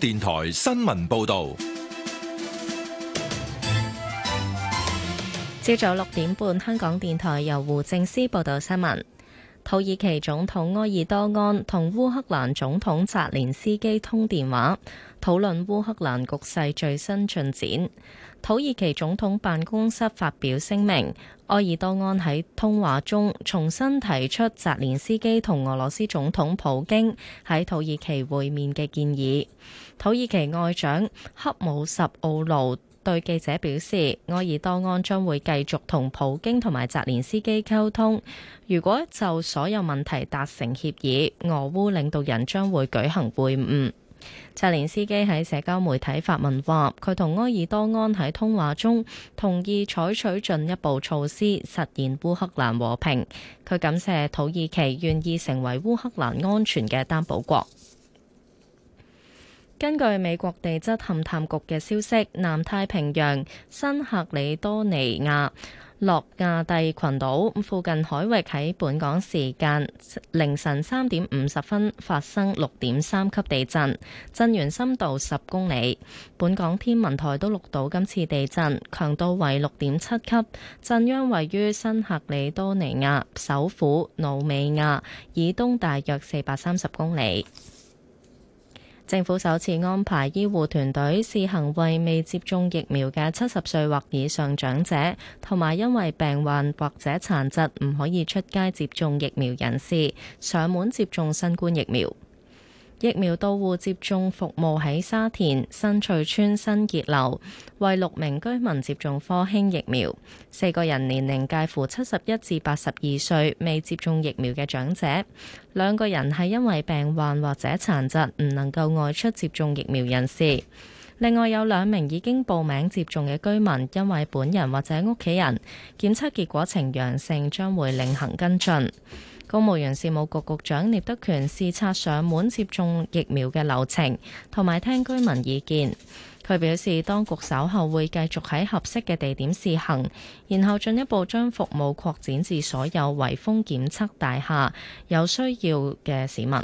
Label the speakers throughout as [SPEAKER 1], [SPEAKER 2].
[SPEAKER 1] 電台新聞報道。
[SPEAKER 2] 朝早六點半，香港電台由胡正思報道新聞。土耳其總統埃爾多安同烏克蘭總統澤連斯基通電話，討論烏克蘭局勢最新進展。土耳其總統辦公室發表聲明，埃爾多安喺通話中重新提出澤連斯基同俄羅斯總統普京喺土耳其會面嘅建議。土耳其外長克姆什奧盧。對記者表示，埃爾多安將會繼續同普京同埋澤連斯基溝通。如果就所有問題達成協議，俄烏領導人將會舉行會晤。澤連斯基喺社交媒體發文話，佢同埃爾多安喺通話中同意採取進一步措施實現烏克蘭和平。佢感謝土耳其願意成為烏克蘭安全嘅擔保國。根據美國地質勘探局嘅消息，南太平洋新喀里多尼亞洛亞蒂群島附近海域喺本港時間凌晨三點五十分發生六點三級地震，震源深度十公里。本港天文台都錄到今次地震，強度為六點七級，震央位於新喀里多尼亞首府努美亞以東大約四百三十公里。政府首次安排醫護團隊試行為未接種疫苗嘅七十歲或以上長者，同埋因為病患或者殘疾唔可以出街接種疫苗人士，上門接種新冠疫苗。疫苗到戶接種服務喺沙田新翠邨新傑樓為六名居民接種科興疫苗，四個人年齡介乎七十一至八十二歲，未接種疫苗嘅長者，兩個人係因為病患或者殘疾唔能夠外出接種疫苗人士。另外有兩名已經報名接種嘅居民，因為本人或者屋企人檢測結果呈陽性，將會另行跟進。公務員事務局局長聶德權視察上門接種疫苗嘅流程，同埋聽居民意見。佢表示，當局稍後會繼續喺合適嘅地點試行，然後進一步將服務擴展至所有圍封檢測大廈有需要嘅市民。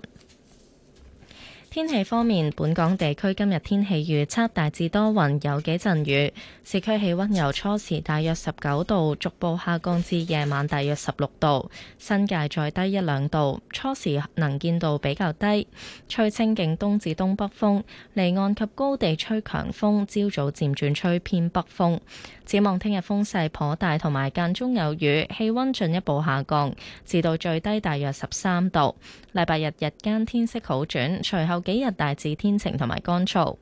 [SPEAKER 2] 天氣方面，本港地區今日天氣預測大致多雲，有幾陣雨。市區氣溫由初時大約十九度，逐步下降至夜晚大約十六度，新界再低一兩度。初時能見度比較低，吹清勁東至東北風，離岸及高地吹強風。朝早漸轉吹偏北風。展望聽日風勢頗大，同埋間中有雨，氣溫進一步下降，至到最低大約十三度。禮拜日日間天色好轉，隨後幾日大致天晴同埋乾燥，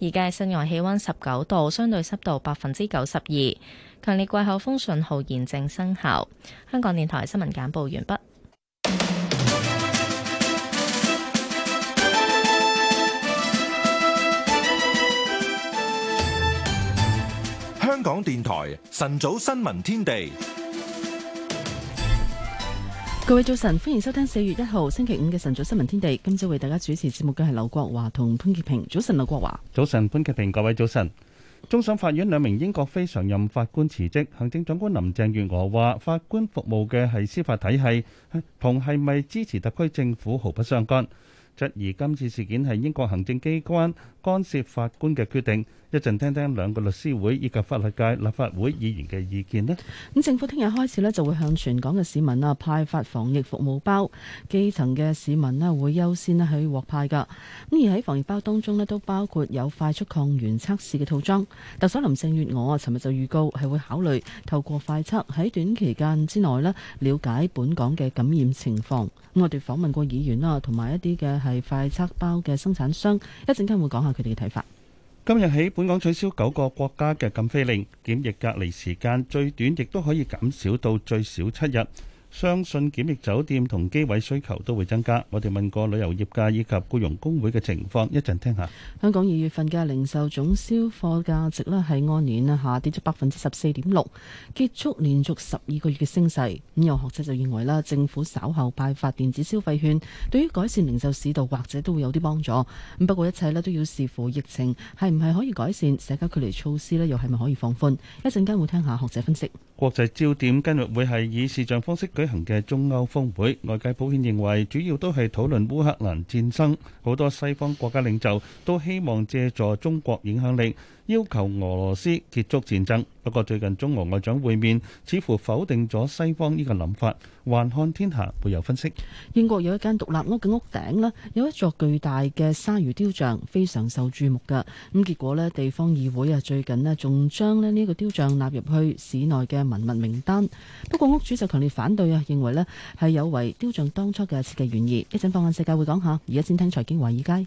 [SPEAKER 2] 而家室外氣温十九度，相對濕度百分之九十二，強烈季候風信號現正生效。香港電台新聞簡報，完畢。
[SPEAKER 1] 香港電台晨早新聞天地。
[SPEAKER 3] 各位早晨，歡迎收聽四月一號星期五嘅晨早新聞天地。今朝為大家主持節目嘅係劉國華同潘潔平。早晨，劉國華。早
[SPEAKER 4] 晨，潘潔平。各位早晨。終審法院兩名英國非常任法官辭職，行政長官林鄭月娥話：法官服務嘅係司法體系，同係咪支持特區政府毫不相干，質疑今次事件係英國行政機關。干涉法官嘅決定，一陣聽聽兩個律師會以及法律界立法會議員嘅意見咧。
[SPEAKER 3] 咁政府聽日開始咧就會向全港嘅市民啊派發防疫服務包，基層嘅市民咧會優先咧去獲派噶，咁而喺防疫包當中咧都包括有快速抗原測試嘅套裝。特首林鄭月娥啊，尋日就預告係會考慮透過快測，喺短期間之內咧了解本港嘅感染情況，咁我哋訪問過議員啦，同埋一啲嘅係快測包嘅生產商，一陣間會講下。佢哋嘅睇法，今日起
[SPEAKER 4] 本港取消九個國家嘅禁飛令，檢疫隔離時間最短亦都可以減少到最少七日。相信檢疫酒店同機位需求都會增加。我哋問過旅遊業界以及僱傭工會嘅情況，一陣聽下。
[SPEAKER 3] 香港二月份嘅零售總銷貨價值咧係按年啊下跌咗百分之十四點六，結束連續十二個月嘅升勢。咁有學者就認為啦，政府稍後派發電子消費券，對於改善零售市道或者都會有啲幫助。咁不過一切咧都要視乎疫情係唔係可以改善，社交距離措施咧又係咪可以放寬。一陣間會聽下學者分析。
[SPEAKER 4] 國際焦點今日會係以視像方式舉行嘅中歐峰會，外界普遍認為主要都係討論烏克蘭戰爭，好多西方國家領袖都希望借助中國影響力。要求俄羅斯結束戰爭，不過最近中俄外長會面，似乎否定咗西方呢個諗法。環看天下會有分析。
[SPEAKER 3] 英國有一間獨立屋嘅屋頂啦，有一座巨大嘅鯊魚雕像，非常受注目㗎。咁結果呢，地方議會啊，最近咧仲將咧呢個雕像納入去市內嘅文物名單。不過屋主就強烈反對啊，認為咧係有違雕像當初嘅設計原意。一陣放眼世界會講下，而家先聽財經華爾街。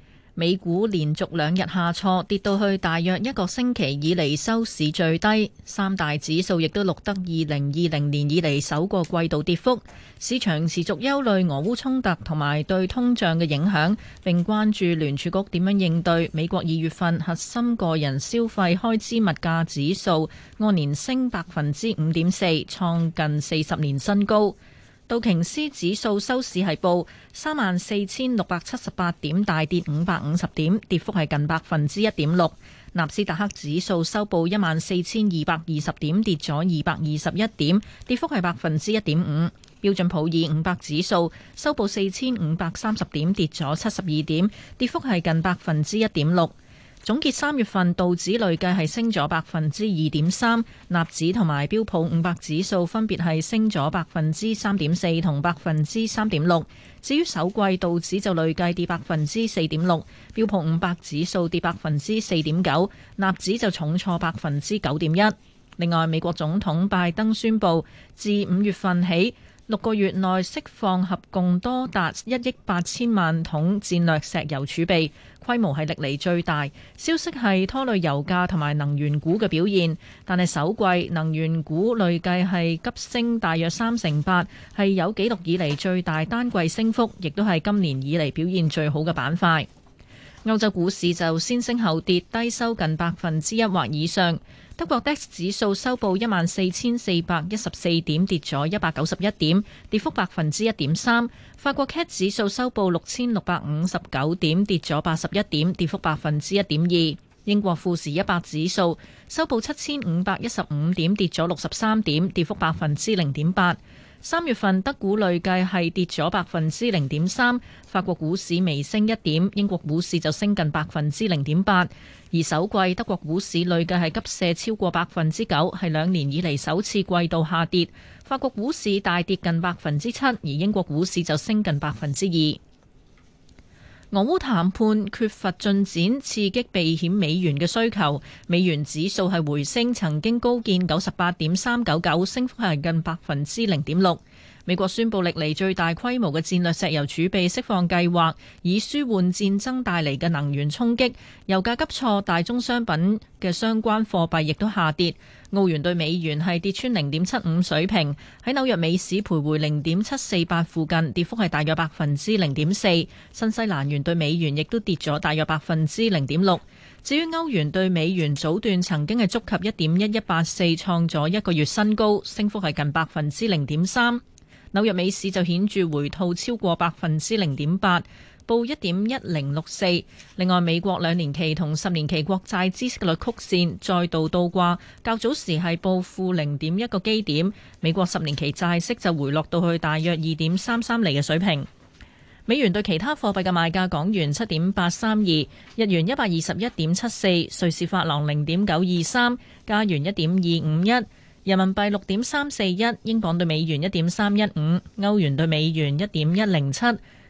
[SPEAKER 5] 美股連續兩日下挫，跌到去大約一個星期以嚟收市最低，三大指數亦都錄得二零二零年以嚟首個季度跌幅。市場持續憂慮俄烏衝突同埋對通脹嘅影響，並關注聯儲局點樣應對美國二月份核心個人消費開支物價指數按年升百分之五點四，創近四十年新高。道瓊斯指數收市係報三萬四千六百七十八點，大跌五百五十點，跌幅係近百分之一點六。納斯達克指數收報一萬四千二百二十點，跌咗二百二十一點，跌幅係百分之一點五。標準普爾五百指數收報四千五百三十點，跌咗七十二點，跌幅係近百分之一點六。總結三月份道指累計係升咗百分之二點三，納指同埋標普五百指數分別係升咗百分之三點四同百分之三點六。至於首季道指就累計跌百分之四點六，標普五百指數跌百分之四點九，納指就重挫百分之九點一。另外，美國總統拜登宣布，自五月份起，六個月內釋放合共多達一億八千萬桶戰略石油儲備，規模係歷嚟最大。消息係拖累油價同埋能源股嘅表現，但係首季能源股累計係急升大約三成八，係有紀錄以嚟最大單季升幅，亦都係今年以嚟表現最好嘅板塊。歐洲股市就先升後跌，低收近百分之一或以上。德國 DAX 指數收報一萬四千四百一十四點，跌咗一百九十一點，跌幅百分之一點三。法國 CAC 指數收報六千六百五十九點，跌咗八十一點，跌幅百分之一點二。英國富時一百指數收報七千五百一十五點，跌咗六十三點，跌幅百分之零點八。三月份德股累計係跌咗百分之零點三，法國股市微升一點，英國股市就升近百分之零點八。而首季德國股市累計係急瀉超過百分之九，係兩年以嚟首次季度下跌。法國股市大跌近百分之七，而英國股市就升近百分之二。俄烏談判缺乏進展，刺激避險美元嘅需求，美元指數係回升，曾經高見九十八點三九九，升幅係近百分之零點六。美國宣布歷嚟最大規模嘅戰略石油儲備釋放計劃，以舒緩戰爭帶嚟嘅能源衝擊。油價急挫，大宗商品嘅相關貨幣亦都下跌。澳元對美元係跌穿零點七五水平，喺紐約美市徘徊零點七四八附近，跌幅係大約百分之零點四。新西蘭元對美元亦都跌咗大約百分之零點六。至於歐元對美元早段曾經係觸及一點一一八四，創咗一個月新高，升幅係近百分之零點三。紐約美市就顯著回吐超過百分之零點八，報一點一零六四。另外，美國兩年期同十年期國債孳息率曲線再度倒掛，較早時係報負零點一個基點。美國十年期債息就回落到去大約二點三三厘嘅水平。美元對其他貨幣嘅賣價：港元七點八三二，日元一百二十一點七四，瑞士法郎零點九二三，加元一點二五一。人民幣六點三四一，英鎊兌美元一點三一五，歐元兌美元一點一零七，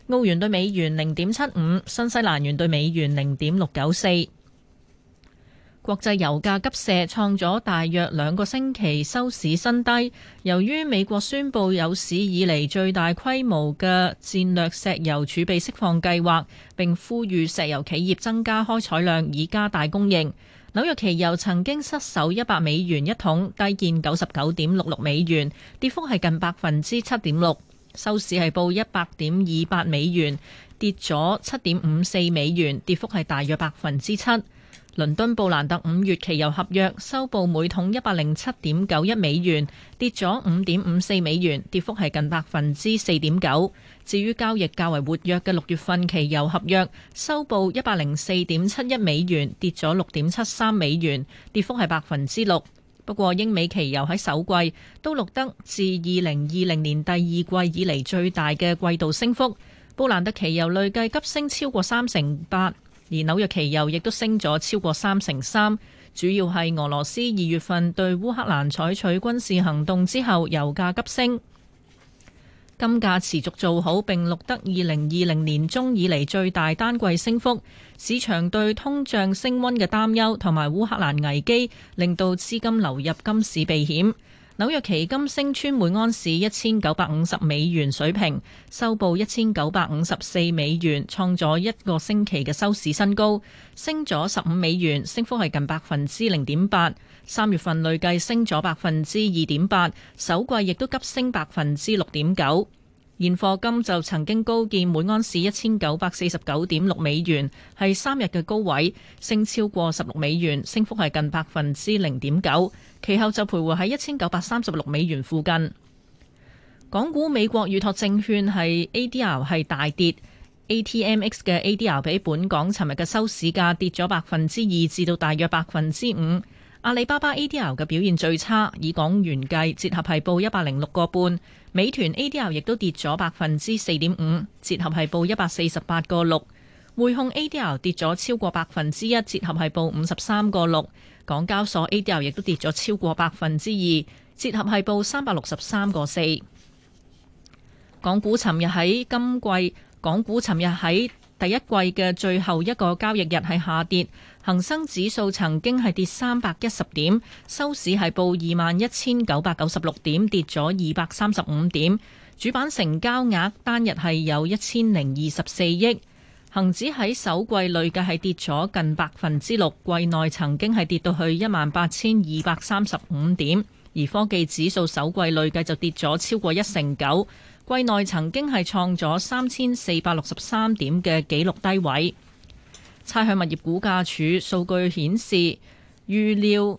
[SPEAKER 5] 澳元兌美元零點七五，新西蘭元兌美元零點六九四。國際油價急瀉創咗大約兩個星期收市新低。由於美國宣布有史以嚟最大規模嘅戰略石油儲備釋放計劃，並呼籲石油企業增加開採量以加大供應。紐約期油曾經失守一百美元一桶，低見九十九點六六美元，跌幅係近百分之七點六。收市係報一百點二八美元，跌咗七點五四美元，跌幅係大約百分之七。倫敦布蘭特五月期油合約收報每桶一百零七點九一美元，跌咗五點五四美元，跌幅係近百分之四點九。至於交易較為活躍嘅六月份期油合約，收報一百零四點七一美元，跌咗六點七三美元，跌幅係百分之六。不過英美期油喺首季都錄得自二零二零年第二季以嚟最大嘅季度升幅，布蘭特期油累計急升超過三成八。而紐約期油亦都升咗超過三成三，主要係俄羅斯二月份對烏克蘭採取軍事行動之後，油價急升。金價持續做好，並錄得二零二零年中以嚟最大單季升幅，市場對通脹升溫嘅擔憂同埋烏克蘭危機，令到資金流入金市避險。紐約期金升穿每安士一千九百五十美元水平，收報一千九百五十四美元，創咗一個星期嘅收市新高，升咗十五美元，升幅係近百分之零點八。三月份累計升咗百分之二點八，首季亦都急升百分之六點九。現貨金就曾經高見每安士一千九百四十九點六美元，係三日嘅高位，升超過十六美元，升幅係近百分之零點九。其後就徘徊喺一千九百三十六美元附近。港股美國預託證券係 ADR 係大跌，ATMX 嘅 ADR 比本港尋日嘅收市價跌咗百分之二至到大約百分之五。阿里巴巴 ADR 嘅表現最差，以港元計，折合係報一百零六個半。美團 ADR 亦都跌咗百分之四點五，折合係報一百四十八個六。匯控 ADR 跌咗超過百分之一，折合係報五十三個六。港交所 ADR 亦都跌咗超過百分之二，折合係報三百六十三個四。港股尋日喺今季，港股尋日喺第一季嘅最後一個交易日係下跌，恒生指數曾經係跌三百一十點，收市係報二萬一千九百九十六點，跌咗二百三十五點，主板成交額單日係有一千零二十四億。恒指喺首季累計係跌咗近百分之六，季內曾經係跌到去一萬八千二百三十五點。而科技指數首季累計就跌咗超過一成九，季內曾經係創咗三千四百六十三點嘅紀錄低位。差餉物業估價署數據顯示，預料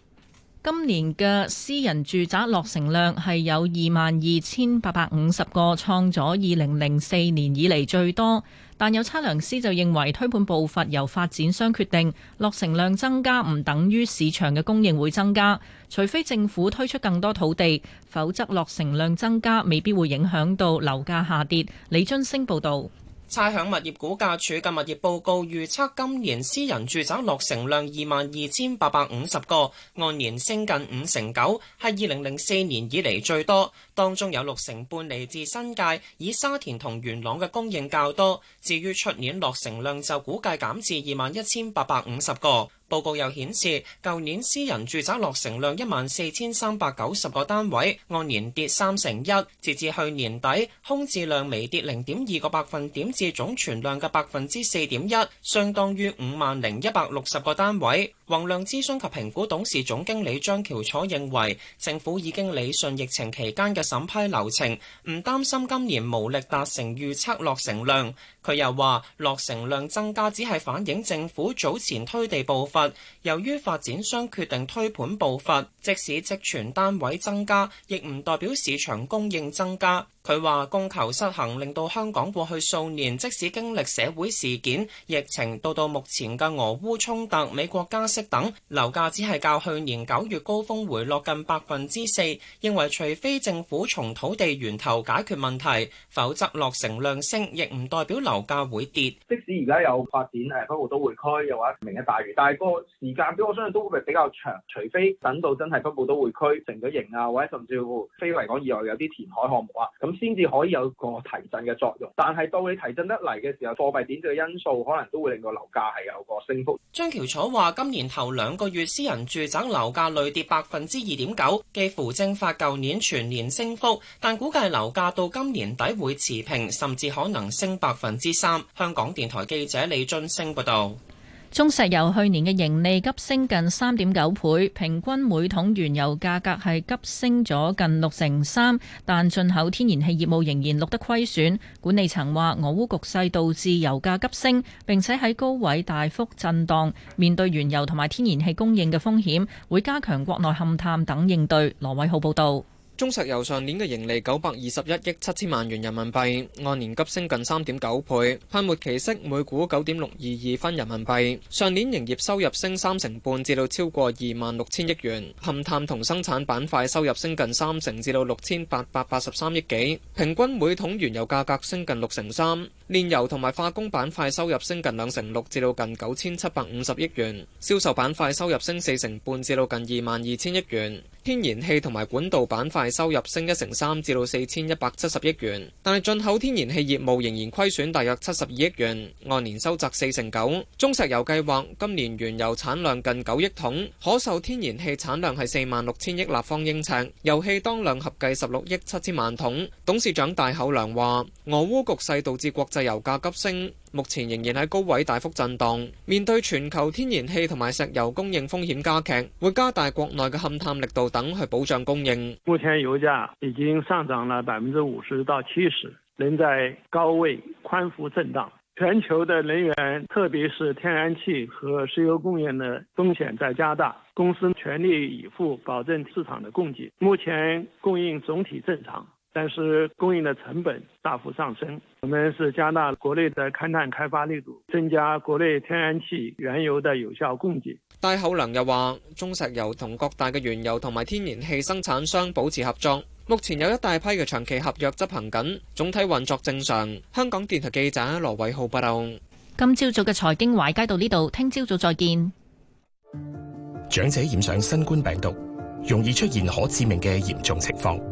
[SPEAKER 5] 今年嘅私人住宅落成量係有二萬二千八百五十個，創咗二零零四年以嚟最多。但有測量師就認為，推盤步伐由發展商決定，落成量增加唔等於市場嘅供應會增加，除非政府推出更多土地，否則落成量增加未必會影響到樓價下跌。李津星報導。
[SPEAKER 6] 差餉物業估價署嘅物業報告預測，今年私人住宅落成量二萬二千八百五十個，按年升近五成九，係二零零四年以嚟最多。當中有六成半嚟自新界，以沙田同元朗嘅供應較多。至於出年落成量就估計減至二萬一千八百五十個。報告又顯示，舊年私人住宅落成量一萬四千三百九十個單位，按年跌三成一。截至去年底，空置量微跌零點二個百分點至總存量嘅百分之四點一，相當於五萬零一百六十個單位。宏亮諮詢及評估董事總經理張喬楚認為，政府已經理順疫情期間嘅審批流程，唔擔心今年無力達成預測落成量。佢又話，落成量增加只係反映政府早前推地步伐，由於發展商決定推盤步伐，即使積存單位增加，亦唔代表市場供應增加。佢話供求失衡令到香港過去數年，即使經歷社會事件、疫情，到到目前嘅俄烏衝突、美國加息等，樓價只係較去年九月高峰回落近百分之四。認為除非政府從土地源頭解決問題，否則
[SPEAKER 1] 落成量升亦唔代表樓價會跌。即使而家有發展誒北部都會區，又或者明日大嶼，但係個時間表我相信都會比較長，除非等到真係北部都會區成咗型啊，或者甚至乎非維港以外有啲填海項目啊，咁。先至可以有個提振嘅作用，但係到你提振得嚟嘅時候，貨幣點嘅因素可能都會令到樓價係有個升幅。
[SPEAKER 6] 張橋楚話，今年頭兩個月私人住宅樓價累跌百分之二點九，幾乎蒸發舊年全年升幅，但估計樓價到今年底會持平，甚至可能升百分之三。香港電台記者李俊升報道。
[SPEAKER 5] 中石油去年嘅盈利急升近三點九倍，平均每桶原油價格係急升咗近六成三，但進口天然氣業務仍然錄得虧損，管理層話俄烏局勢導致油價急升，並且喺高位大幅震盪，面對原油同埋天然氣供應嘅風險，會加強國內勘探等應對，羅偉浩報道。
[SPEAKER 7] 中石油上年嘅盈利九百二十一億七千萬元人民幣，按年急升近三點九倍，派末期息每股九點六二二分人民幣。上年營業收入升三成半，至到超過二萬六千億元。勘探同生產板塊收入升近三成，至到六千八百八十三億幾。平均每桶原油價格升近六成三。煉油同埋化工板塊收入升近兩成六，至到近九千七百五十億元。銷售板塊收入升四成半，至到近二萬二千億元。天然氣同埋管道板塊收入升一成三，至到四千一百七十億元，但係進口天然氣業務仍然虧損大約七十二億元，按年收窄四成九。中石油計劃今年原油產量近九億桶，可售天然氣產量係四萬六千億立方英尺，油氣當量合計十六億七千萬桶。董事長戴厚良話：俄烏局勢導致國際油價急升。目前仍然喺高位大幅震盪，面對全球天然氣同埋石油供應風險加劇，會加大國內嘅勘探力度等去保障供應。目前油價已經上漲了百分之五十到七十，仍
[SPEAKER 1] 在高位寬幅震盪。全球的能源，特別是天然氣和石油供應的風險在加大，公司全力以赴保證市場的供給，目前供應總體正常。但是供應的成本大幅上升，我們是加大國內的勘探開發力度，增加國內天然氣、原
[SPEAKER 7] 油的有效供給。戴厚良又話，中石油同各大嘅原油同埋天然氣生產商保持合作，目前有一大批嘅長期合約執行緊，總體運作正常。香港電台記者羅偉浩報道。
[SPEAKER 5] 今朝早嘅財經匯街道呢度，聽朝早再見。
[SPEAKER 1] 長者染上新冠病毒，容易出現可致命嘅嚴重情況。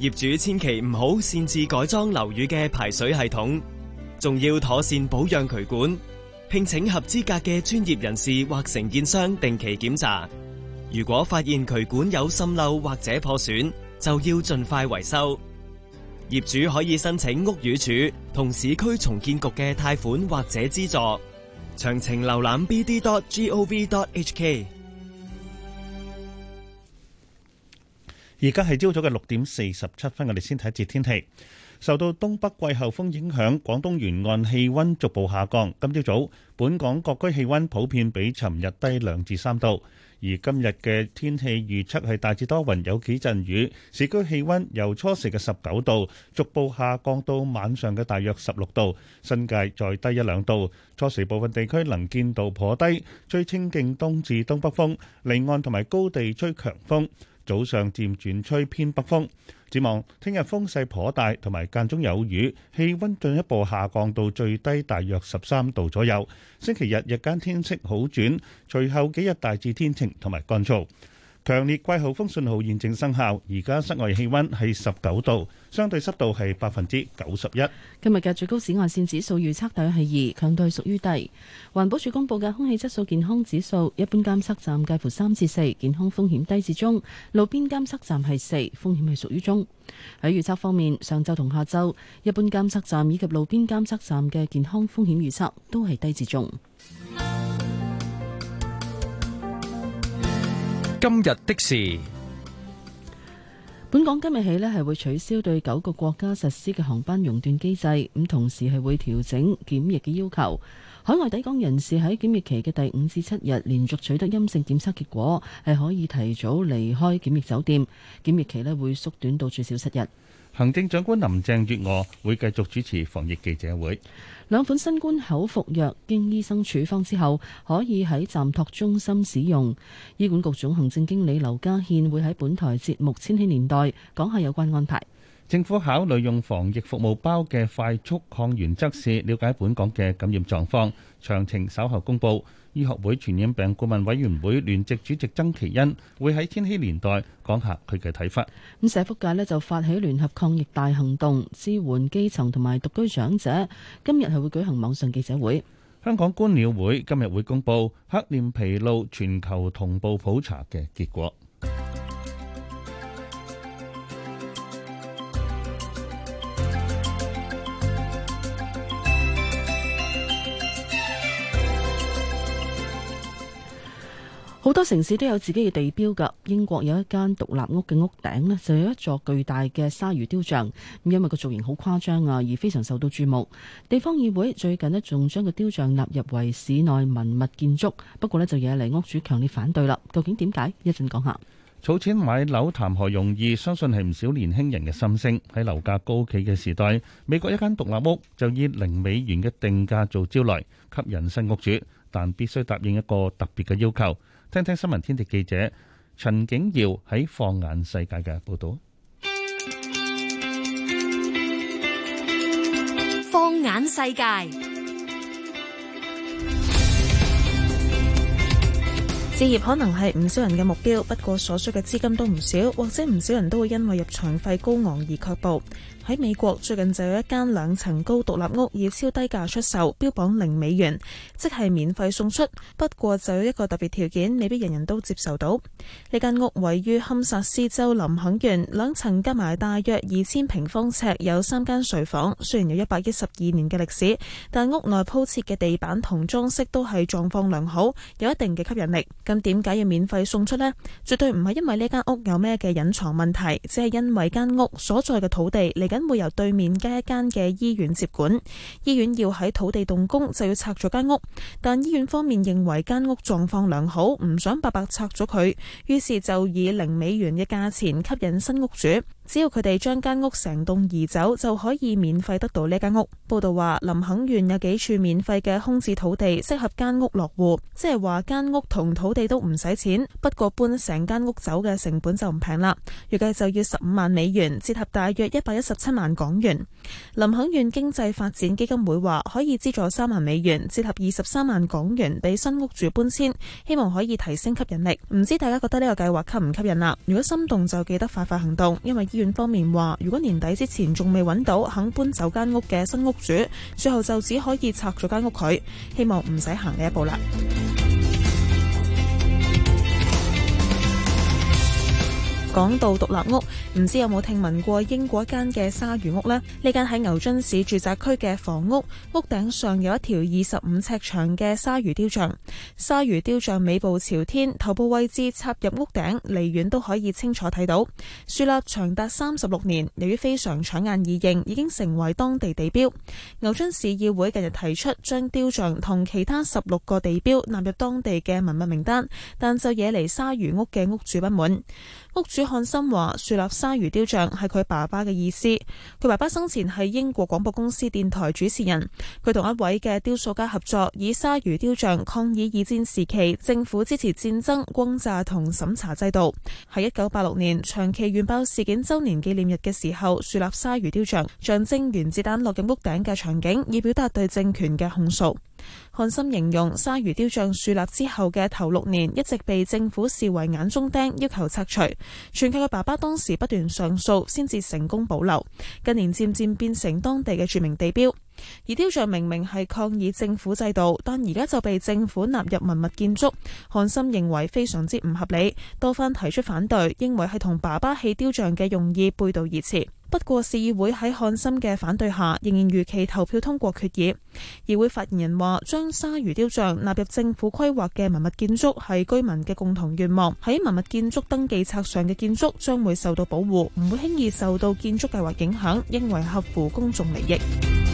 [SPEAKER 8] 業主千祈唔好擅自改裝樓宇嘅排水系統，仲要妥善保養渠管，聘請合資格嘅專業人士或承建商定期檢查。如果發現渠管有滲漏或者破損，就要盡快維修。業主可以申請屋宇署同市區重建局嘅貸款或者資助。詳情瀏覽 bd.gov.hk。
[SPEAKER 4] 而家係朝早嘅六點四十七分，我哋先睇一節天氣。受到東北季候風影響，廣東沿岸氣溫逐步下降。今朝早本港各區氣溫普遍比尋日低兩至三度。而今日嘅天氣預測係大致多雲，有幾陣雨。市區氣溫由初時嘅十九度逐步下降到晚上嘅大約十六度，新界再低一兩度。初時部分地區能見度頗低，吹清勁東至東北風，離岸同埋高地吹強風。早上漸轉吹偏北風，展望聽日風勢頗大，同埋間中有雨，氣温進一步下降到最低大約十三度左右。星期日日間天色好轉，隨後幾日大致天晴同埋乾燥。強烈季候風信號現正生效，而家室外氣溫係十九度，相對濕度係百分之九十一。
[SPEAKER 3] 今日嘅最高紫外綫指數預測大約係二，強度屬於低。環保署公布嘅空氣質素健康指數，一般監測站介乎三至四，健康風險低至中；路邊監測站係四，風險係屬於中。喺預測方面，上晝同下晝，一般監測站以及路邊監測站嘅健康風險預測都係低至中。
[SPEAKER 9] 今日的事，
[SPEAKER 3] 本港今日起呢係會取消對九個國家實施嘅航班熔斷機制，咁同時係會調整檢疫嘅要求。海外抵港人士喺檢疫期嘅第五至七日連續取得陰性檢測結果，係可以提早離開檢疫酒店。檢疫期呢會縮短到最少七日。
[SPEAKER 4] 行政長官林鄭月娥會繼續主持防疫記者會。
[SPEAKER 3] 兩款新冠口服藥經醫生處方之後，可以喺暫托中心使用。醫管局總行政經理劉家憲會喺本台節目《千禧年代》講下有關安排。
[SPEAKER 4] 政府考慮用防疫服務包嘅快速抗原測試，了解本港嘅感染狀況，詳情稍後公佈。醫學會傳染病顧問委員會聯席主席曾祈殷會喺千禧年代講下佢嘅睇法。
[SPEAKER 3] 咁社福界呢就發起聯合抗疫大行動，支援基層同埋獨居長者。今日係會舉行網上記者會。
[SPEAKER 4] 香港觀鳥會今日會公布黑臉琵鷺全球同步普查嘅結果。
[SPEAKER 3] 好多城市都有自己嘅地標噶。英國有一間獨立屋嘅屋頂咧，就有一座巨大嘅鯊魚雕像。咁因為個造型好誇張啊，而非常受到注目。地方議會最近咧，仲將個雕像納入為市內文物建築，不過咧就惹嚟屋主強烈反對啦。究竟點解？一陣講下。
[SPEAKER 4] 儲錢買樓談何容易，相信係唔少年輕人嘅心聲。喺樓價高企嘅時代，美國一間獨立屋就以零美元嘅定價做招徠，吸引新屋主，但必須答應一個特別嘅要求。晨早新聞天地記者陳景耀喺《放眼世界》嘅報道，
[SPEAKER 2] 《放眼世界》
[SPEAKER 10] 置業可能係唔少人嘅目標，不過所需嘅資金都唔少，或者唔少人都會因為入場費高昂而卻步。喺美國最近就有一間兩層高獨立屋以超低價出售，標榜零美元，即係免費送出。不過就有一個特別條件，未必人人都接受到。呢間屋位於堪薩斯州林肯縣，兩層加埋大約二千平方尺，有三間睡房。雖然有一百一十二年嘅歷史，但屋內鋪設嘅地板同裝飾都係狀況良好，有一定嘅吸引力。咁點解要免費送出呢？絕對唔係因為呢間屋有咩嘅隱藏問題，只係因為間屋所在嘅土地會由對面一間嘅醫院接管。醫院要喺土地動工，就要拆咗間屋，但醫院方面認為間屋狀況良好，唔想白白拆咗佢，於是就以零美元嘅價錢吸引新屋主。只要佢哋將間屋成棟移走，就可以免費得到呢間屋。報道話，林肯縣有幾處免費嘅空置土地，適合間屋落戶，即係話間屋同土地都唔使錢。不過搬成間屋走嘅成本就唔平啦，預計就要十五萬美元，折合大約一百一十七萬港元。林肯縣經濟發展基金會話可以資助三萬美元，折合二十三萬港元俾新屋主搬遷，希望可以提升吸引力。唔知大家覺得呢個計劃吸唔吸引啦？如果心動就記得快快行動，因為醫院方面話如果年底之前仲未揾到肯搬走間屋嘅新屋主，最後就只可以拆咗間屋佢。希望唔使行呢一步啦。講到獨立屋，唔知有冇聽聞過英國一間嘅鯊魚屋呢？呢間喺牛津市住宅區嘅房屋，屋頂上有一條二十五尺長嘅鯊魚雕像，鯊魚雕像尾部朝天，頭部位置插入屋頂，離遠都可以清楚睇到。樹立長達三十六年，由於非常搶眼易認，已經成為當地地標。牛津市議會近日提出將雕像同其他十六個地標納入當地嘅文物名單，但就惹嚟鯊魚屋嘅屋主不滿。屋主漢森話：樹立鯊魚雕像係佢爸爸嘅意思。佢爸爸生前係英國廣播公司電台主持人。佢同一位嘅雕塑家合作，以鯊魚雕像抗議二戰時期政府支持戰爭轟炸同審查制度。喺一九八六年長期原爆事件周年紀念日嘅時候，樹立鯊魚雕像，象徵原子彈落嘅屋頂嘅場景，以表達對政權嘅控訴。漢森形容鯊魚雕像豎立之後嘅頭六年一直被政府視為眼中釘，要求拆除。全靠佢爸爸當時不斷上訴，先至成功保留。近年漸漸變成當地嘅著名地標。而雕像明明係抗議政府制度，但而家就被政府納入文物建築。漢森認為非常之唔合理，多番提出反對，認為係同爸爸起雕像嘅用意背道而馳。不過，市議會喺漢森嘅反對下，仍然如期投票通過決議。議會發言人話，將鯊魚雕像納入政府規劃嘅文物建築係居民嘅共同願望。喺文物建築登記冊上嘅建築將會受到保護，唔會輕易受到建築計劃影響，因為合乎公眾利益。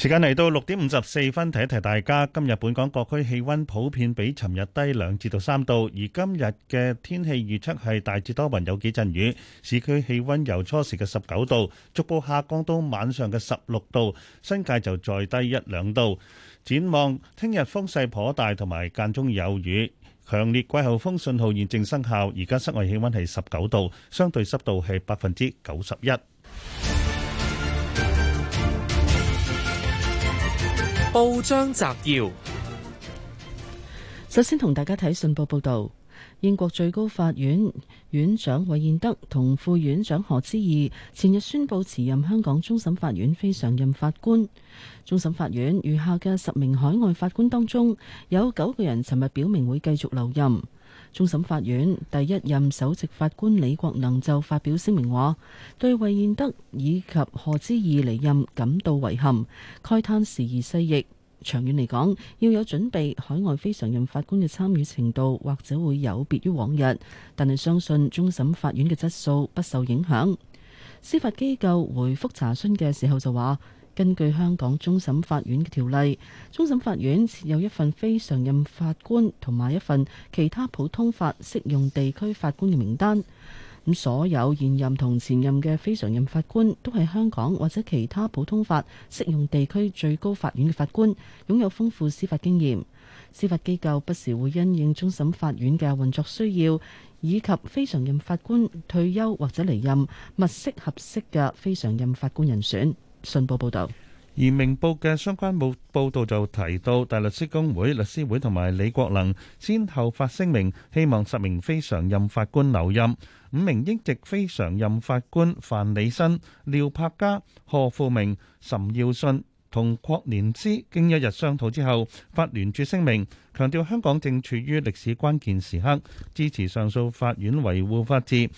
[SPEAKER 4] 時間嚟到六點五十四分，提一提大家，今日本港各區氣温普遍比尋日低兩至到三度，而今日嘅天氣預測係大致多雲有幾陣雨。市區氣温由初時嘅十九度，逐步下降到晚上嘅十六度，新界就再低一兩度。展望聽日風勢頗大，同埋間中有雨，強烈季候風信號現正生效。而家室外氣温係十九度，相對濕度係百分之九十一。報章摘要，
[SPEAKER 3] 首先同大家睇信報報道，英國最高法院院長韋彥德同副院長賀知義前日宣布辭任香港終審法院非常任法官。終審法院餘下嘅十名海外法官當中，有九個人尋日表明會繼續留任。終審法院第一任首席法官李國能就發表聲明話，對韋彥德以及賀知義離任感到遺憾，慨嘆時移世易，長遠嚟講要有準備，海外非常任法官嘅參與程度或者會有別於往日，但係相信終審法院嘅質素不受影響。司法機構回覆查詢嘅時候就話：根據香港終審法院嘅條例，終審法院設有一份非常任法官同埋一份其他普通法適用地區法官嘅名單。咁所有現任同前任嘅非常任法官都係香港或者其他普通法適用地區最高法院嘅法官，擁有豐富司法經驗。司法機構不時會因應終審法院嘅運作需要，以及非常任法官退休或者離任，物色合適嘅非常任法官人選。信報報導，
[SPEAKER 4] 而明報嘅相關報報導就提到，大律師公會、律師會同埋李國能先後發聲明，希望十名非常任法官留任，五名英籍非常任法官范理申、廖柏嘉、賀輔明、岑耀信同郭連之，經一日商討之後，發聯署聲明，強調香港正處於歷史關鍵時刻，支持上訴法院維護法治。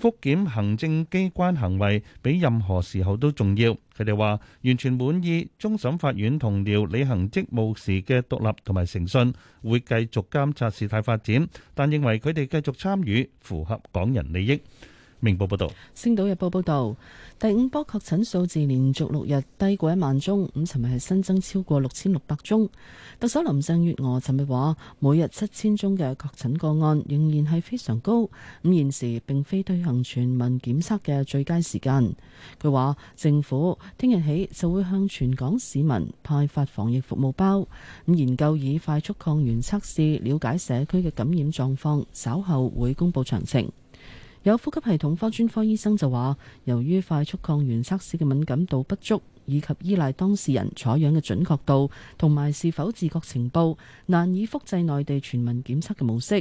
[SPEAKER 4] 覆檢行政機關行為，比任何時候都重要。佢哋話完全滿意終審法院同僚履行職務時嘅獨立同埋誠信，會繼續監察事態發展，但認為佢哋繼續參與符合港人利益。明報報導，
[SPEAKER 3] 《星島日報》報導，第五波確診數字連續六日低過一萬宗。咁，尋日係新增超過六千六百宗。特首林鄭月娥尋日話，每日七千宗嘅確診個案仍然係非常高。咁現時並非推行全民檢測嘅最佳時間。佢話，政府聽日起就會向全港市民派發防疫服務包。咁研究以快速抗原測試了解社區嘅感染狀況，稍後會公布詳情。有呼吸系統科專科醫生就話，由於快速抗原測試嘅敏感度不足，以及依賴當事人採樣嘅準確度，同埋是否自覺呈報，難以複製內地全民檢測嘅模式。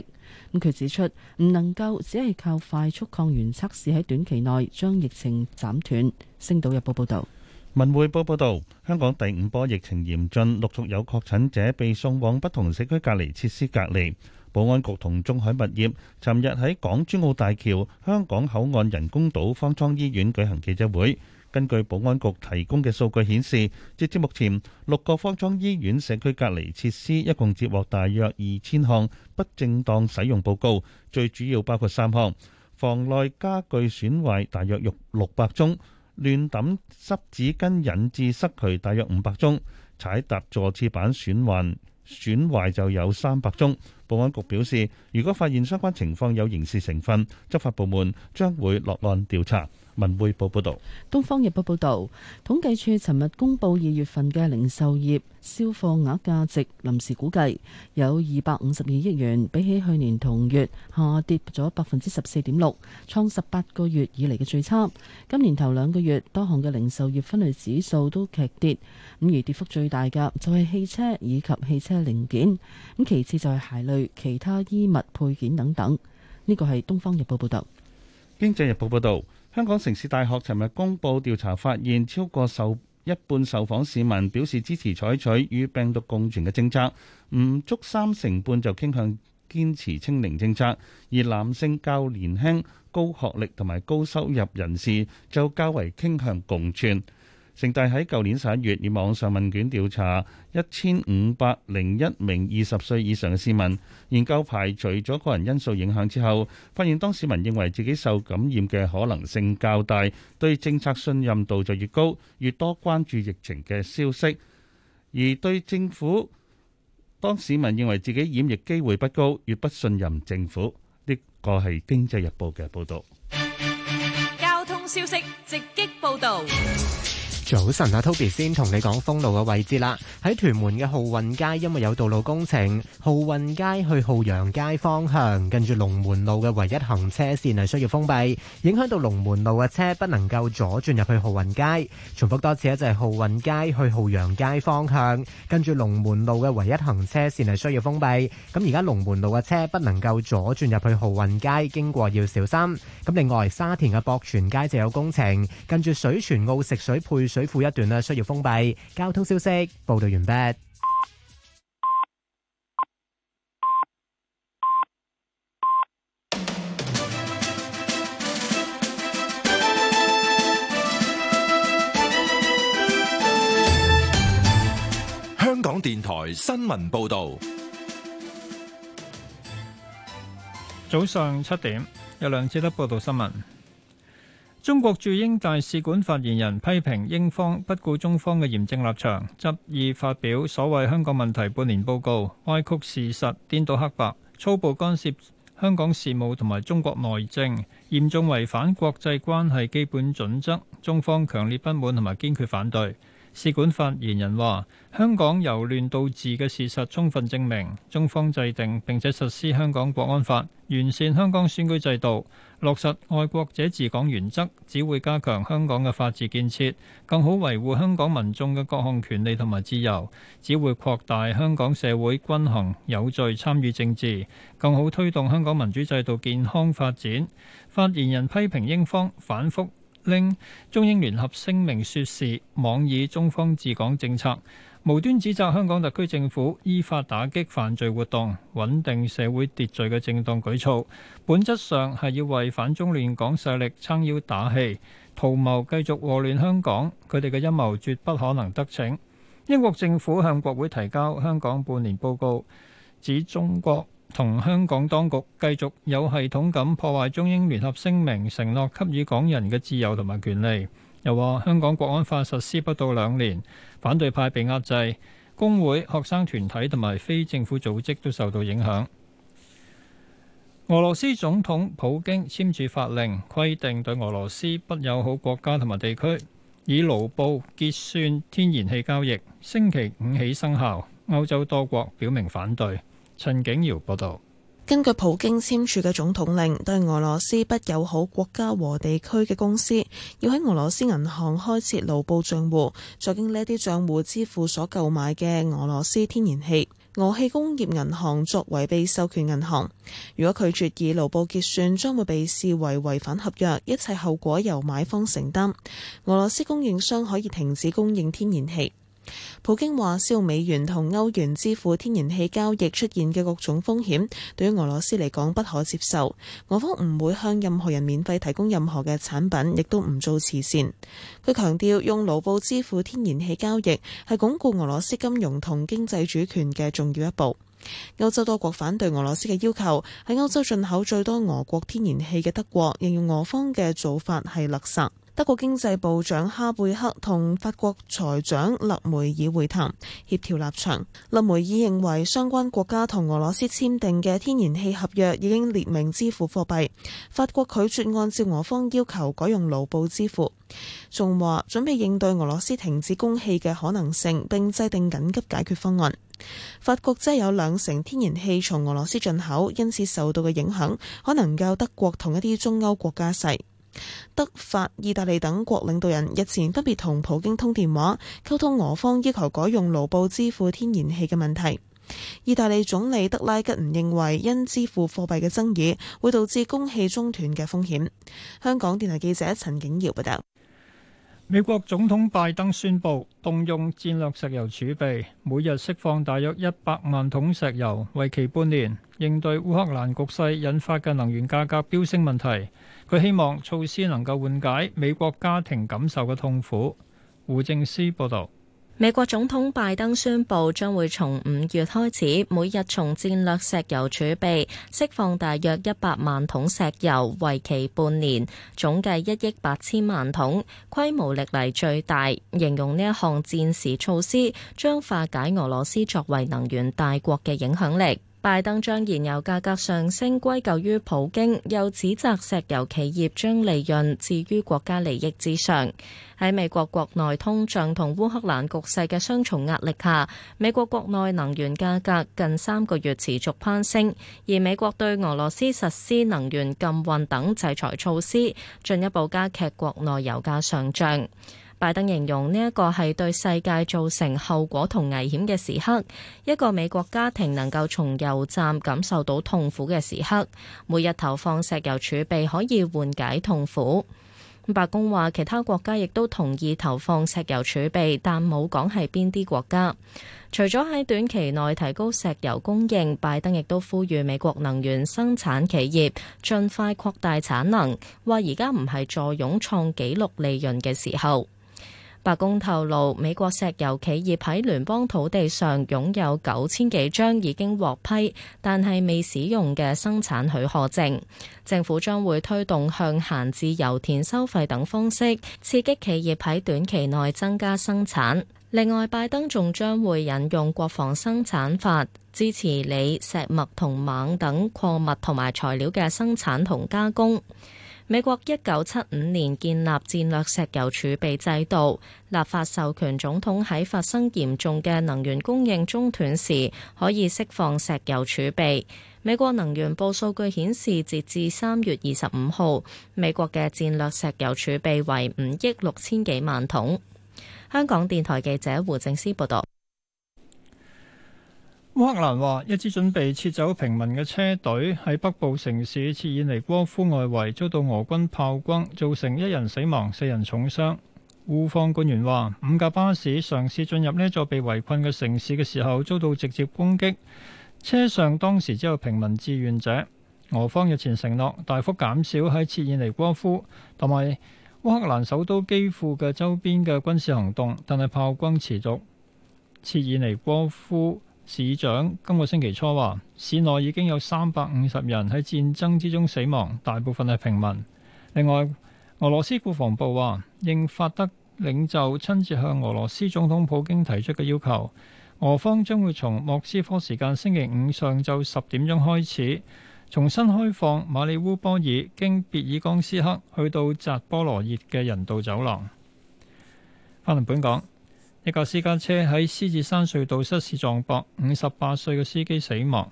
[SPEAKER 3] 咁佢指出，唔能夠只係靠快速抗原測試喺短期內將疫情斬斷。星島日報報道：
[SPEAKER 4] 「文匯報報道，香港第五波疫情嚴峻，陸續有確診者被送往不同社區隔離設施隔離。保安局同中海物業尋日喺港珠澳大橋香港口岸人工島方艙醫院舉行記者會。根據保安局提供嘅數據顯示，截至目前，六個方艙醫院社區隔離設施一共接獲大約二千項不正當使用報告，最主要包括三項：房內家具損壞大約約六百宗，亂抌濕紙巾引致塞渠大約五百宗，踩踏座廁板損壞。損壞就有三百宗。保安局表示，如果發現相關情況有刑事成分，執法部門將會落案調查。文匯報報道，
[SPEAKER 3] 東方日報報道，統計處尋日公布二月份嘅零售業銷貨額價值臨時估計有二百五十二億元，比起去年同月下跌咗百分之十四點六，創十八個月以嚟嘅最差。今年頭兩個月多項嘅零售業分類指數都劇跌，咁而跌幅最大嘅就係汽車以及汽車零件，咁其次就係鞋類、其他衣物配件等等。呢個係東方日報報道。
[SPEAKER 4] 經濟日報報道。香港城市大學尋日公布調查發現，超過受一半受訪市民表示支持採取與病毒共存嘅政策，唔足三成半就傾向堅持清零政策。而男性較年輕、高學歷同埋高收入人士就較為傾向共存。成大喺舊年十一月以網上問卷調查一千五百零一名二十歲以上嘅市民，研究排除咗個人因素影響之後，發現當市民認為自己受感染嘅可能性較大，對政策信任度就越高，越多關注疫情嘅消息；而對政府，當市民認為自己染疫機會不高，越不信任政府。呢個係《經濟日報》嘅
[SPEAKER 11] 報導。
[SPEAKER 5] 交通消息直擊報導。
[SPEAKER 11] 早晨啊，Toby 先同你講封路嘅位置啦。喺屯門嘅浩運街，因為有道路工程，浩運街去浩洋街方向，近住龍門路嘅唯一行車線係需要封閉，影響到龍門路嘅車不能夠左轉入去浩運街。重複多次咧，就係浩運街去浩洋街方向，近住龍門路嘅唯一行車線係需要封閉。咁而家龍門路嘅車不能夠左轉入去浩運街，經過要小心。咁另外，沙田嘅博泉街就有工程，近住水泉澳食水配。水庫一段呢，需要封閉。交通消息報道完畢。
[SPEAKER 1] 香港電台新聞報道。
[SPEAKER 12] 早上七點有兩節得報道新聞。中國駐英大使館發言人批評英方不顧中方嘅嚴正立場，執意發表所謂香港問題半年報告，歪曲事實、顛倒黑白、粗暴干涉香港事務同埋中國內政，嚴重違反國際關係基本準則，中方強烈不滿同埋堅決反對。使館發言人話：香港由亂到治嘅事實充分證明，中方制定並且實施香港國安法，完善香港選舉制度，落實愛國者治港原則，只會加強香港嘅法治建設，更好維護香港民眾嘅各項權利同埋自由，只會擴大香港社會均衡有序參與政治，更好推動香港民主制度健康發展。發言人批評英方反覆。令中英聯合聲明説事，妄以中方治港政策無端指責香港特區政府依法打擊犯罪活動、穩定社會秩序嘅正當舉措，本質上係要為反中亂港勢力撐腰打氣，圖謀繼續禍亂香港。佢哋嘅陰謀絕不可能得逞。英國政府向國會提交香港半年報告，指中國。同香港當局繼續有系統咁破壞中英聯合聲明，承諾給予港人嘅自由同埋權利，又話香港國安法實施不到兩年，反對派被壓制，工會、學生團體同埋非政府組織都受到影響。俄羅斯總統普京簽署法令，規定對俄羅斯不友好國家同埋地區以盧布結算天然氣交易，星期五起生效。歐洲多國表明反對。陳景堯報道，
[SPEAKER 10] 根據普京簽署嘅總統令，對俄羅斯不友好國家和地區嘅公司，要喺俄羅斯銀行開設盧布賬戶，再經呢啲賬戶支付所購買嘅俄羅斯天然氣。俄氣工業銀行作為被授權銀行，如果拒絕以盧布結算，將會被視為違反合約，一切後果由買方承擔。俄羅斯供應商可以停止供應天然氣。普京話，使用美元同歐元支付天然氣交易出現嘅各種風險，對於俄羅斯嚟講不可接受。俄方唔會向任何人免費提供任何嘅產品，亦都唔做慈善。佢強調，用盧布支付天然氣交易係鞏固俄羅斯金融同經濟主權嘅重要一步。歐洲多國反對俄羅斯嘅要求，喺歐洲進口最多俄國天然氣嘅德國，形容俄方嘅做法係勒索。德國經濟部長哈貝克同法國財長勒梅爾會談，協調立場。勒梅爾認為相關國家同俄羅斯簽訂嘅天然氣合約已經列明支付貨幣，法國拒絕按照俄方要求改用盧布支付，仲話準備應對俄羅斯停止供氣嘅可能性，並制定緊急解決方案。法國只有兩成天然氣從俄羅斯進口，因此受到嘅影響可能較德國同一啲中歐國家細。德法意大利等國領導人日前分別同普京通電話，溝通俄方要求改用盧布支付天然氣嘅問題。意大利總理德拉吉唔認為因支付貨幣嘅爭議會導致供氣中斷嘅風險。香港電台記者陳景堯報道。
[SPEAKER 12] 美國總統拜登宣布動用戰略石油儲備，每日釋放大約一百萬桶石油，為期半年，應對烏克蘭局勢引發嘅能源價格飆升問題。佢希望措施能夠緩解美國家庭感受嘅痛苦。胡正思報道。
[SPEAKER 2] 美國總統拜登宣布，將會從五月開始，每日從戰略石油儲備釋放大約一百萬桶石油，為期半年，總計一億八千萬桶，規模歷來最大。形容呢一項戰時措施，將化解俄羅斯作為能源大國嘅影響力。拜登將燃油價格上升歸咎於普京，又指責石油企業將利潤置於國家利益之上。喺美國國內通脹同烏克蘭局勢嘅雙重壓力下，美國國內能源價格近三個月持續攀升，而美國對俄羅斯實施能源禁運等制裁措施，進一步加劇國內油價上漲。拜登形容呢一個係對世界造成後果同危險嘅時刻，一個美國家庭能夠從油站感受到痛苦嘅時刻。每日投放石油儲備可以緩解痛苦。白宮話，其他國家亦都同意投放石油儲備，但冇講係邊啲國家。除咗喺短期內提高石油供應，拜登亦都呼籲美國能源生產企業盡快擴大產能，話而家唔係坐擁創紀錄利潤嘅時候。白宮透露，美國石油企業喺聯邦土地上擁有九千幾張已經獲批但係未使用嘅生產許可證。政府將會推動向閒置油田收費等方式，刺激企業喺短期內增加生產。另外，拜登仲將會引用國防生產法，支持鋰、石墨同錳等礦物同埋材料嘅生產同加工。美國一九七五年建立戰略石油儲備制度，立法授權總統喺發生嚴重嘅能源供應中斷時，可以釋放石油儲備。美國能源部數據顯示，截至三月二十五號，美國嘅戰略石油儲備為五億六千幾萬桶。香港電台記者胡正思報道。
[SPEAKER 12] 烏克蘭話一支準備撤走平民嘅車隊喺北部城市切爾尼戈夫外圍遭到俄軍炮轟，造成一人死亡、四人重傷。烏方官員話五架巴士嘗試進入呢座被圍困嘅城市嘅時候遭到直接攻擊，車上當時只有平民志願者。俄方日前承諾大幅減少喺切爾尼戈夫同埋烏克蘭首都基輔嘅周邊嘅軍事行動，但係炮轟持續。切爾尼戈夫。市長今個星期初話，市內已經有三百五十人喺戰爭之中死亡，大部分係平民。另外，俄羅斯國防部話，應法德領袖親自向俄羅斯總統普京提出嘅要求，俄方將會從莫斯科時間星期五上晝十點鐘開始，重新開放馬里烏波爾經別爾江斯克去到扎波羅熱嘅人道走廊。翻嚟本港。一架私家車喺獅子山隧道失事撞壆，五十八歲嘅司機死亡。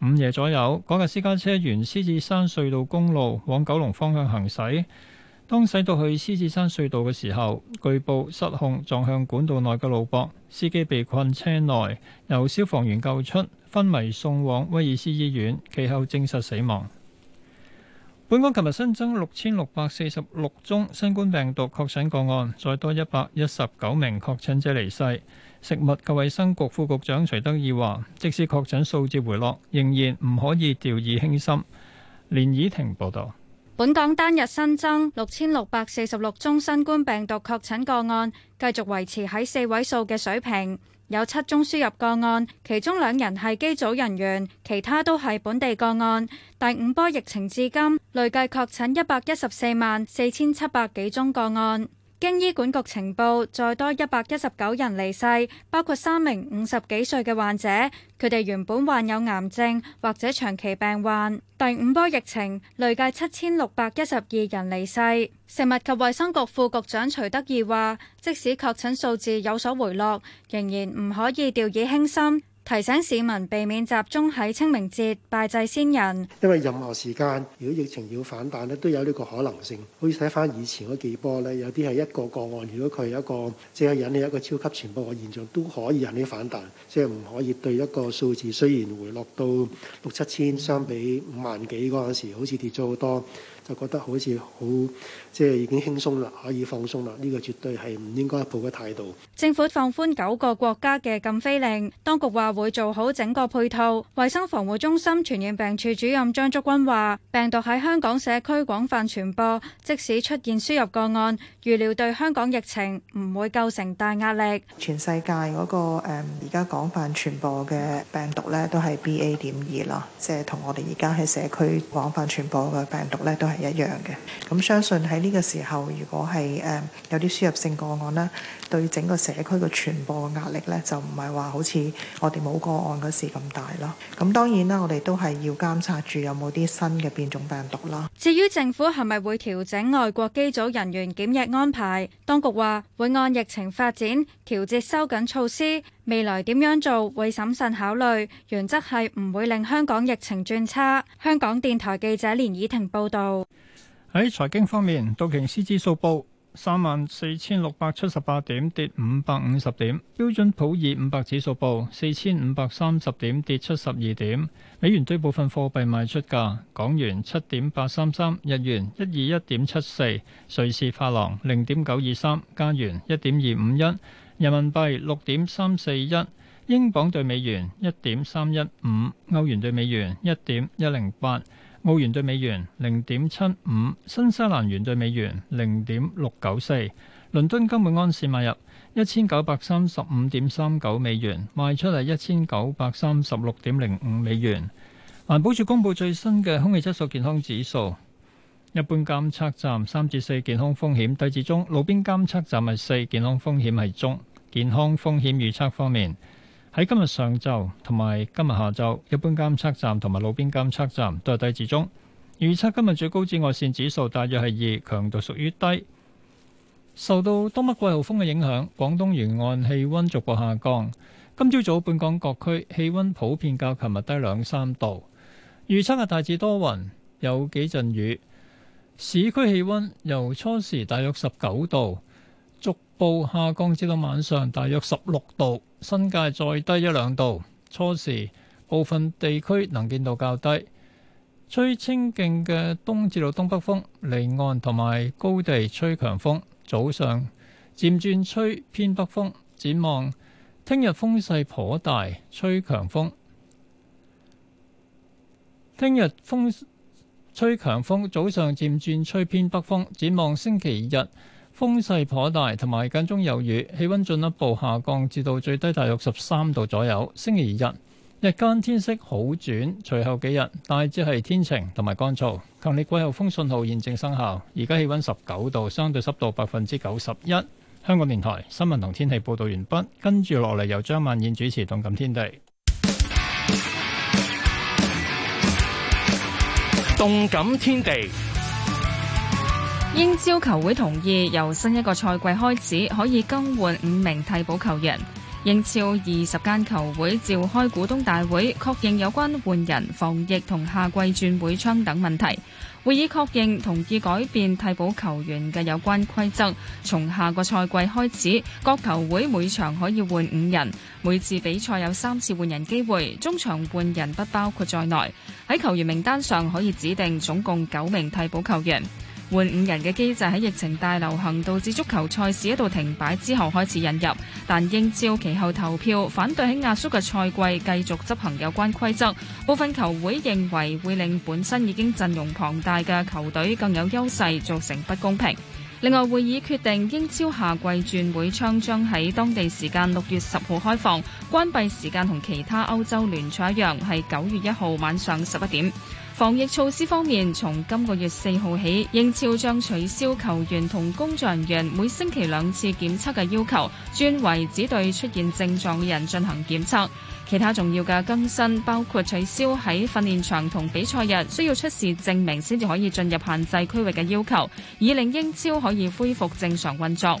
[SPEAKER 12] 午夜左右，嗰架私家車沿獅子山隧道公路往九龍方向行駛，當駛到去獅子山隧道嘅時候，據報失控撞向管道內嘅路壆，司機被困車內，由消防員救出，昏迷送往威爾斯醫院，其後證實死亡。本港琴日新增六千六百四十六宗新冠病毒確診個案，再多一百一十九名確診者離世。食物及衛生局副局長徐德義話，即使確診數字回落，仍然唔可以掉以輕心。連綺婷報道，
[SPEAKER 13] 本港單日新增六千六百四十六宗新冠病毒確診個案，繼續維持喺四位數嘅水平。有七宗輸入個案，其中兩人係機組人員，其他都係本地個案。第五波疫情至今，累計確診一百一十四萬四千七百幾宗個案。經醫管局情報，再多一百一十九人離世，包括三名五十幾歲嘅患者，佢哋原本患有癌症或者長期病患。第五波疫情累計七千六百一十二人離世。食物及衛生局副局長徐德義話，即使確診數字有所回落，仍然唔可以掉以輕心。提醒市民避免集中喺清明節拜祭先人，
[SPEAKER 12] 因為任何時間，如果疫情要反彈咧，都有呢個可能性。好似睇翻以前嗰幾波咧，有啲係一個個案，如果佢有一個即係、就是、引起一個超級傳播嘅現象，都可以引起反彈，即係唔可以對一個數字雖然回落到六七千，000，相比五萬幾嗰陣時，好似跌咗好多，就覺得好似好。即係已經輕鬆啦，可以放鬆啦。呢個絕對係唔應該抱嘅態度。
[SPEAKER 13] 政府放寬九個國家嘅禁飛令，當局話會做好整個配套。衞生防護中心傳染病處主任張竹君話：病毒喺香港社區廣泛傳播，即使出現輸入個案，預料對香港疫情唔會構成大
[SPEAKER 10] 壓力。全世界嗰個誒而家廣泛傳播嘅病毒呢，都係 BA.2 啦，即係同我哋而家喺社區廣泛傳播嘅病毒呢，都係一樣嘅。咁相信喺呢個時候，如果係誒有啲輸入性個案啦，對整個社區嘅傳播嘅壓力咧，就唔係話好似我哋冇個案嗰時咁大咯。咁當然啦，我哋都係要監察住有冇啲新嘅變種病毒啦。
[SPEAKER 13] 至於政府係咪會調整外國機組人員檢疫安排？當局話會按疫情發展調節收緊措施，未來點樣做會審慎考慮，原則係唔會令香港疫情轉差。香港電台記者連以婷報導。
[SPEAKER 12] 喺財經方面，道瓊斯指數報三萬四千六百七十八點，跌五百五十點；標準普爾五百指數報四千五百三十點，跌七十二點。美元對部分貨幣賣出價：港元七點八三三，日元一二一點七四，瑞士法郎零點九二三，加元一點二五一，人民幣六點三四一，英鎊兌美元一點三一五，歐元兌美元一點一零八。澳元兌美元零點七五，新西蘭元兌美元零點六九四。倫敦金每安士買入一千九百三十五點三九美元，賣出係一千九百三十六點零五美元。環保署公布最新嘅空氣質素健康指數，一般監測站三至四，健康風險低至中；路邊監測站係四，健康風險係中。健康風險預測方面。喺今日上晝同埋今日下晝，一般監測站同埋路邊監測站都係低至中。預測今日最高紫外線指數大約係二，強度屬於低。受到東北季候風嘅影響，廣東沿岸氣温逐步下降。今朝早本港各區氣温普遍較琴日低兩三度。預測係大致多雲，有幾陣雨。市區氣温由初時大約十九度，逐步下降至到晚上大約十六度。新界再低一兩度，初時部分地區能見度較低，吹清勁嘅東至路東北風，離岸同埋高地吹強風。早上漸轉吹偏北風，展望聽日風勢頗大，吹強風。聽日風吹強風，早上漸轉吹偏北風，展望星期日。風勢頗大，同埋間中有雨，氣溫進一步下降至到最低大約十三度左右。星期日日間天色好轉，隨後幾日大致係天晴同埋乾燥。強烈季候風信號現正生效，而家氣溫十九度，相對濕度百分之九十一。香港電台新聞同天氣報道完畢，跟住落嚟由張曼燕主持《動感天地》。
[SPEAKER 14] 《動感天地》英超球會同意由新一個賽季開始可以更換五名替補球員。英超二十間球會召開股東大會，確認有關換人、防疫同下季轉會窗等問題。會議確認同意改變替補球員嘅有關規則，從下個賽季開始，各球會每場可以換五人，每次比賽有三次換人機會，中場換人不包括在內。喺球員名單上可以指定總共九名替補球員。換五人嘅機制喺疫情大流行導致足球賽事一度停擺之後開始引入，但英超其後投票反對喺壓縮嘅賽季繼續執行有關規則。部分球會認為會令本身已經陣容龐大嘅球隊更有優勢，造成不公平。另外，會議決定英超夏季轉會窗將喺當地時間六月十號開放，關閉時間同其他歐洲聯賽一樣，係九月一號晚上十一點。防疫措施方面，從今個月四號起，英超將取消球員同工作人員每星期兩次檢測嘅要求，轉為只對出現症狀嘅人進行檢測，其他重要嘅更新包括取消喺訓練場同比賽日需要出示證明先至可以進入限制區域嘅要求，以令英超可以恢復正常運作。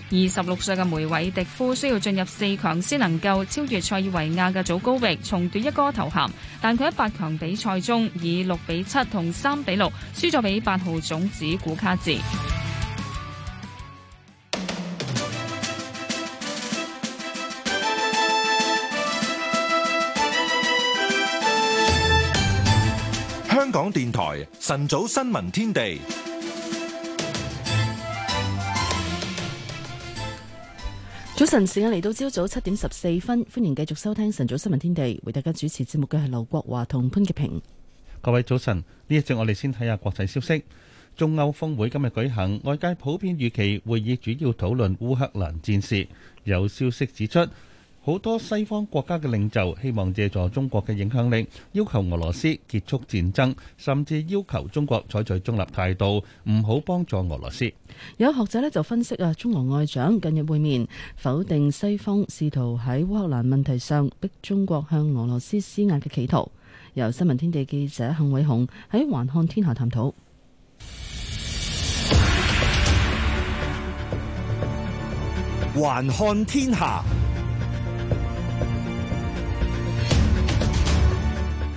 [SPEAKER 14] 二十六歲嘅梅偉迪夫需要進入四強先能夠超越塞爾維亞嘅祖高域，重奪一哥頭銜。但佢喺八強比賽中以六比七同三比六輸咗俾八號種子古卡治。
[SPEAKER 1] 香港電台晨早新聞天地。
[SPEAKER 3] 早晨，時間嚟到朝早七點十四分，歡迎繼續收聽晨早新聞天地。為大家主持節目嘅係劉國華同潘潔平。各
[SPEAKER 4] 位早晨，呢一節我哋先睇下國際消息。中歐峰會今日舉行，外界普遍預期會議主要討論烏克蘭戰事。有消息指出，好多西方國家嘅領袖希望借助中國嘅影響力，要求俄羅斯結束戰爭，甚至要求中國採取中立態度，唔好幫助俄羅斯。
[SPEAKER 3] 有學者咧就分析啊，中俄外長近日會面，否定西方試圖喺烏克蘭問題上逼中國向俄羅斯施壓嘅企圖。由新聞天地記者幸偉雄喺環看天下探討
[SPEAKER 9] 環看天下。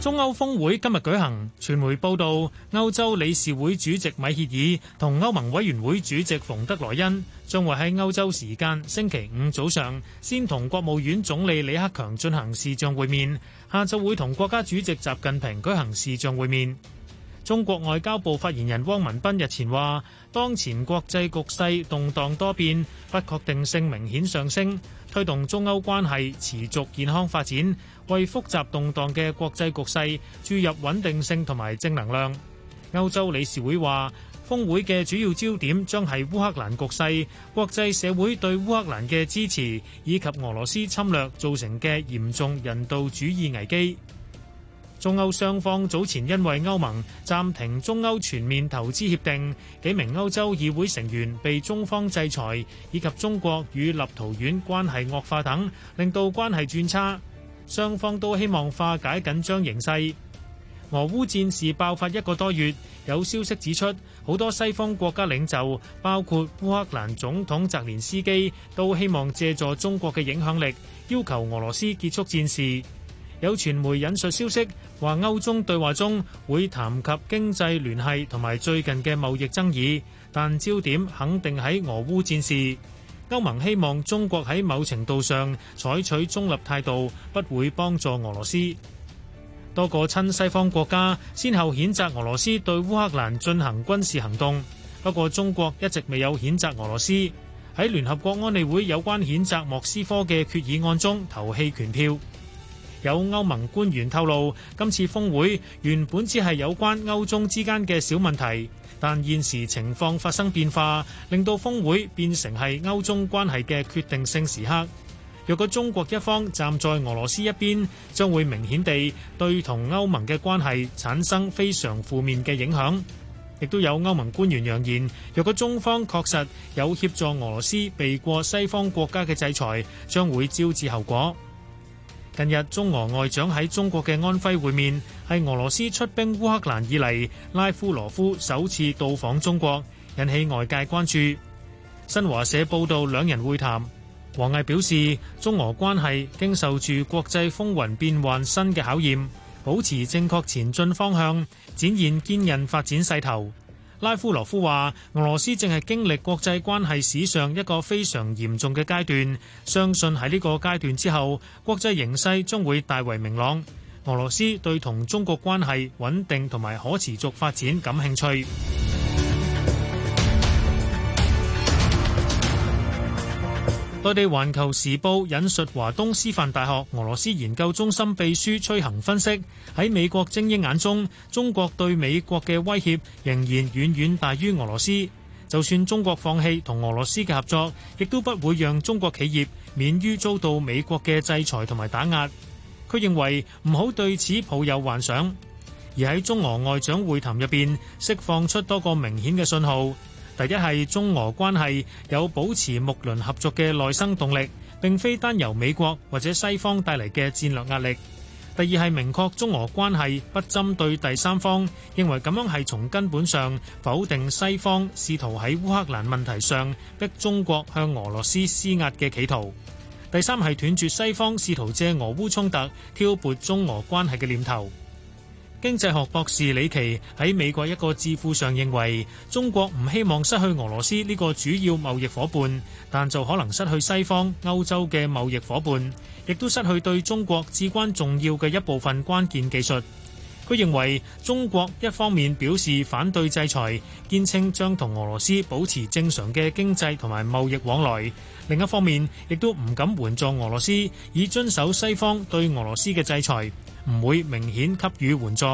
[SPEAKER 9] 中歐峰會今日舉行，傳媒報道，歐洲理事會主席米歇爾同歐盟委員會主席馮德萊恩將會喺歐洲時間星期五早上先同國務院總理李克強進行視像會面，下晝會同國家主席習近平舉行視像會面。中國外交部發言人汪文斌日前話，當前國際局勢動盪多變，不確定性明顯上升，推動中歐關係持續健康發展，為複雜動盪嘅國際局勢注入穩定性同埋正能量。歐洲理事會話，峰會嘅主要焦點將係烏克蘭局勢、國際社會對烏克蘭嘅支持，以及俄羅斯侵略造成嘅嚴重人道主義危機。中歐雙方早前因為歐盟暫停中歐全面投資協定、幾名歐洲議會成員被中方制裁，以及中國與立陶宛關係惡化等，令到關係轉差。雙方都希望化解緊張形勢。俄烏戰事爆發一個多月，有消息指出，好多西方國家領袖，包括烏克蘭總統澤連斯基，都希望借助中國嘅影響力，要求俄羅斯結束戰事。有傳媒引述消息話，歐中對話中會談及經濟聯繫同埋最近嘅貿易爭議，但焦點肯定喺俄烏戰事。歐盟希望中國喺某程度上採取中立態度，不會幫助俄羅斯。多個親西方國家先後譴責俄羅斯對烏克蘭進行軍事行動，不過中國一直未有譴責俄羅斯。喺聯合國安理會有關譴責莫斯科嘅決議案中投棄權票。有歐盟官員透露，今次峰會原本只係有關歐中之間嘅小問題，但現時情況發生變化，令到峰會變成係歐中關係嘅決定性時刻。若果中國一方站在俄羅斯一邊，將會明顯地對同歐盟嘅關係產生非常負面嘅影響。亦都有歐盟官員揚言，若果中方確實有協助俄羅斯避過西方國家嘅制裁，將會招致後果。近日中俄外長喺中國嘅安徽會面，係俄羅斯出兵烏克蘭以嚟，拉夫羅夫首次到訪中國，引起外界關注。新華社報道兩人會談，王毅表示，中俄關係經受住國際風雲變幻新嘅考驗，保持正確前進方向，展現堅韌發展勢頭。拉夫羅夫話：俄羅斯正係經歷國際關係史上一個非常嚴重嘅階段，相信喺呢個階段之後，國際形勢將會大為明朗。俄羅斯對同中國關係穩定同埋可持續發展感興趣。內地《環球時報》引述華東師範大學俄羅斯研究中心秘書崔恒分析：喺美國精英眼中，中國對美國嘅威脅仍然遠遠大於俄羅斯。就算中國放棄同俄羅斯嘅合作，亦都不會讓中國企業免於遭到美國嘅制裁同埋打壓。佢認為唔好對此抱有幻想。而喺中俄外長會談入邊，釋放出多個明顯嘅信號。第一係中俄關係有保持睦鄰合作嘅內生動力，並非單由美國或者西方帶嚟嘅戰略壓力。第二係明確中俄關係不針對第三方，認為咁樣係從根本上否定西方試圖喺烏克蘭問題上逼中國向俄羅斯施壓嘅企圖。第三係斷絕西方試圖借俄烏衝突挑撥中俄關係嘅念頭。經濟學博士李琦喺美國一個智庫上認為，中國唔希望失去俄羅斯呢個主要貿易伙伴，但就可能失去西方、歐洲嘅貿易伙伴，亦都失去對中國至關重要嘅一部分關鍵技術。佢認為中國一方面表示反對制裁，堅稱將同俄羅斯保持正常嘅經濟同埋貿易往來；另一方面，亦都唔敢援助俄羅斯，以遵守西方對俄羅斯嘅制裁。唔會明顯給予援助，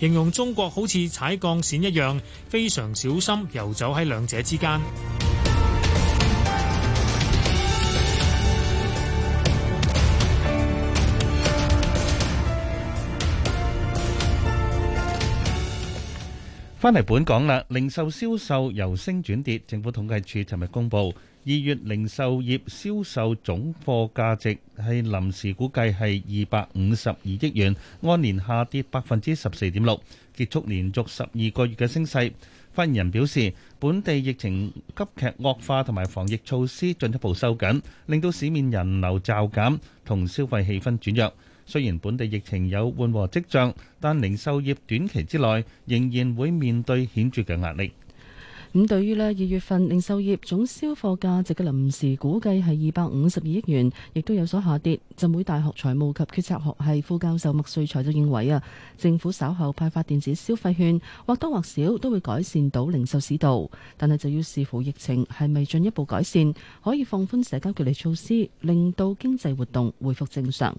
[SPEAKER 9] 形容中國好似踩鋼線一樣，非常小心游走喺兩者之間。
[SPEAKER 4] 翻嚟，本港喇，零售銷售由升轉跌。政府統計處尋日公布。二月零售業銷售總貨價值係臨時估計係二百五十二億元，按年下跌百分之十四點六，結束連續十二個月嘅升勢。發言人表示，本地疫情急劇惡化同埋防疫措施進一步收緊，令到市面人流驟減同消費氣氛轉弱。雖然本地疫情有緩和跡象，但零售業短期之內仍然會面對顯著嘅壓力。
[SPEAKER 3] 咁對於呢二月份零售業總銷貨價值嘅臨時估計係二百五十二億元，亦都有所下跌。浸會大學財務及決策學系副教授麥瑞才就認為啊，政府稍後派發電子消費券，或多或少都會改善到零售市道，但係就要視乎疫情係咪進一步改善，可以放寬社交距離措施，令到經濟活動回復正常。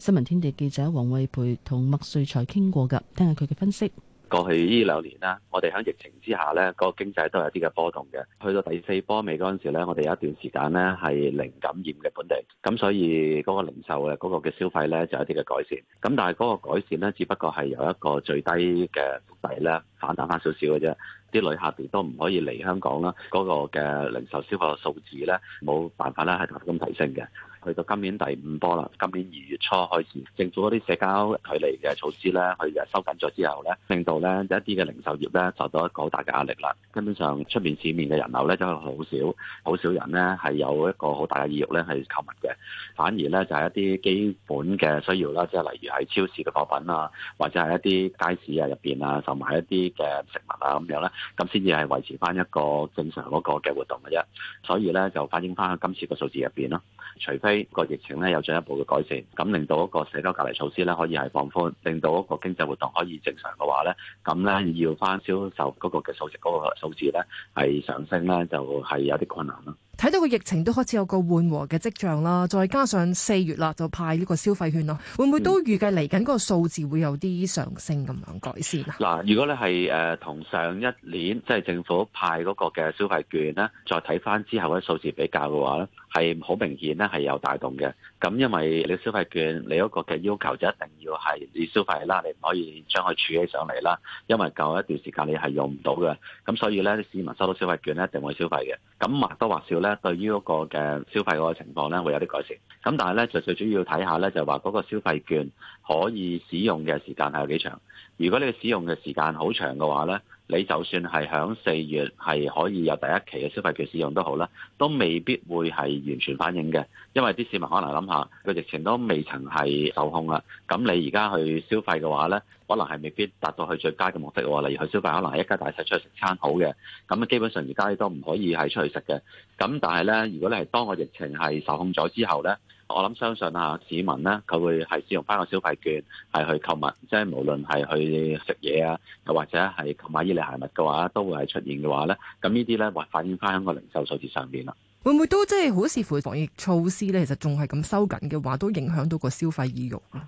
[SPEAKER 3] 新聞天地記者王慧培同麥瑞才傾過㗎，聽下佢嘅分析。
[SPEAKER 15] 過去呢兩年啦，我哋喺疫情之下咧，個經濟都有啲嘅波動嘅。去到第四波尾嗰陣時咧，我哋有一段時間咧係零感染嘅本地，咁所以嗰個零售嘅嗰個嘅消費咧就有啲嘅改善。咁但係嗰個改善咧，只不過係由一個最低嘅底咧，反彈翻少少嘅啫，啲旅客亦都唔可以嚟香港啦。嗰個嘅零售消費嘅數字咧，冇辦法咧係咁提升嘅。去到今年第五波啦，今年二月初開始，政府嗰啲社交距離嘅措施咧，佢又收緊咗之後咧，令到咧一啲嘅零售業咧受到一個好大嘅壓力啦。根本上出面市面嘅人流咧就係好少，好少人咧係有一個好大嘅意欲咧係購物嘅。反而咧就係一啲基本嘅需要啦，即係例如喺超市嘅貨品啊，或者係一啲街市啊入邊啊，同埋一啲嘅食物啊咁樣咧，咁先至係維持翻一個正常嗰個嘅活動嘅啫。所以咧就反映翻今次嘅數字入邊咯。除非個疫情咧有進一步嘅改善，咁令到一個社交隔離措施咧可以係放寬，令到一個經濟活動可以正常嘅話咧，咁咧要翻銷售嗰個嘅數值嗰個數字咧係上升咧，就係、是、有
[SPEAKER 9] 啲困難咯。
[SPEAKER 7] 睇到個疫情都開始有個緩和嘅跡象啦，再加上四月啦就派呢個消費券啦，會唔會都預計嚟緊嗰個數字會有啲上升咁樣改
[SPEAKER 9] 善？嗱，
[SPEAKER 15] 如果你係誒同上一年即係、就是、政府派嗰個嘅消費券啦，再睇翻之後嘅啲數字比較嘅話咧。係好明顯咧，係有帶動嘅。咁因為你消費券，你嗰個嘅要求就一定要係你消費啦，你唔可以將佢儲起上嚟啦。因為夠一段時間你，你係用唔到嘅。咁所以咧，市民收到消費券咧，一定會消費嘅。咁或多或少咧，對於嗰個嘅消費嗰個情況咧，會有啲改善。咁但係咧，就最主要睇下咧，就係話嗰個消費券可以使用嘅時間係有幾長。如果你使用嘅時間好長嘅話咧，你就算係響四月係可以有第一期嘅消費票使用都好啦，都未必會係完全反映嘅，因為啲市民可能諗下個疫情都未曾係受控啦，咁你而家去消費嘅話呢，可能係未必達到佢最佳嘅目的喎。例如去消費可能係一家大細出去食餐好嘅，咁基本上而家都唔可以係出去食嘅。咁但係呢，如果你係當個疫情係受控咗之後呢。我諗相信啊，市民咧佢會係使用翻個消費券，係去購物，即係無論係去食嘢，啊，又或者係購買衣類鞋物嘅話，都會係出現嘅話咧，咁呢啲咧會反映翻喺個零售數字上邊啦。
[SPEAKER 7] 會唔會都即係好視乎防疫措施咧？其實仲係咁收緊嘅話，都影響到個消費意欲啊？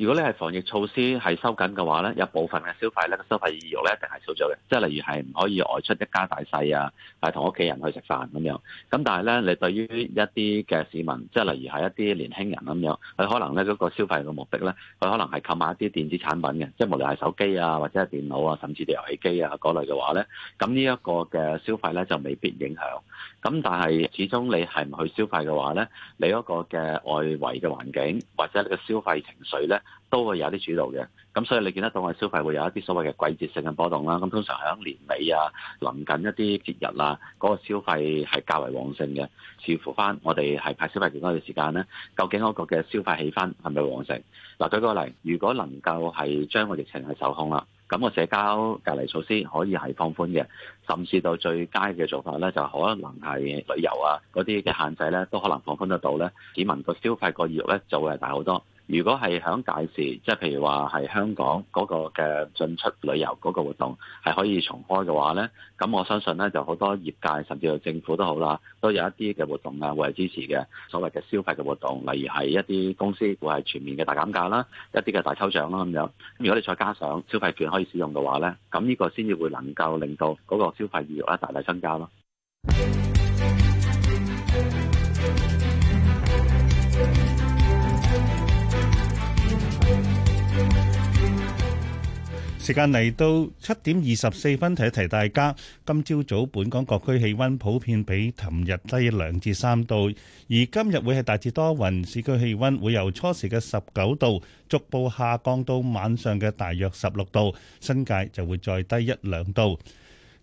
[SPEAKER 15] 如果你係防疫措施係收緊嘅話咧，有部分嘅消費咧，消費意欲咧一定係少咗嘅。即係例如係唔可以外出一家大細啊，係同屋企人去食飯咁樣。咁但係咧，你對於一啲嘅市民，即係例如係一啲年輕人咁樣，佢可能咧嗰個消費嘅目的咧，佢可能係購買一啲電子產品嘅，即係無論係手機啊，或者係電腦啊，甚至係遊戲機啊嗰類嘅話咧，咁呢一個嘅消費咧就未必影響。咁但係始終你係唔去消費嘅話咧，你嗰個嘅外圍嘅環境或者你嘅消費情緒咧。都會有啲主導嘅，咁所以你見得到，我哋消費會有一啲所謂嘅季節性嘅波動啦。咁通常喺年尾啊，臨近一啲節日啦、啊，嗰、嗰個消費係較為旺盛嘅。視乎翻我哋係派消費券嗰段時間咧，究竟嗰個嘅消費氣氛係咪旺盛？嗱，舉個例，如果能夠係將個疫情係受控啦，咁、個社交隔離措施可以係放寬嘅，甚至到最佳嘅做法咧，就可能係旅遊啊嗰啲嘅限制咧都可能放寬得到咧，市民個消費個意欲咧就會係大好多。如果係響大市，即係譬如話係香港嗰個嘅進出旅遊嗰個活動係可以重開嘅話呢，咁我相信呢就好多業界甚至係政府都好啦，都有一啲嘅活動啊會支持嘅所謂嘅消費嘅活動，例如係一啲公司會係全面嘅大減價啦，一啲嘅大抽獎啦咁樣。咁如果你再加上消費券可以使用嘅話呢，咁呢個先至會能夠令到嗰個消費意欲咧大大增加咯。
[SPEAKER 4] 時間嚟到七點二十四分，提一提大家。今朝早，早本港各區氣溫普遍比尋日低兩至三度，而今日會係大致多雲，市區氣溫會由初時嘅十九度逐步下降到晚上嘅大約十六度，新界就會再低一兩度。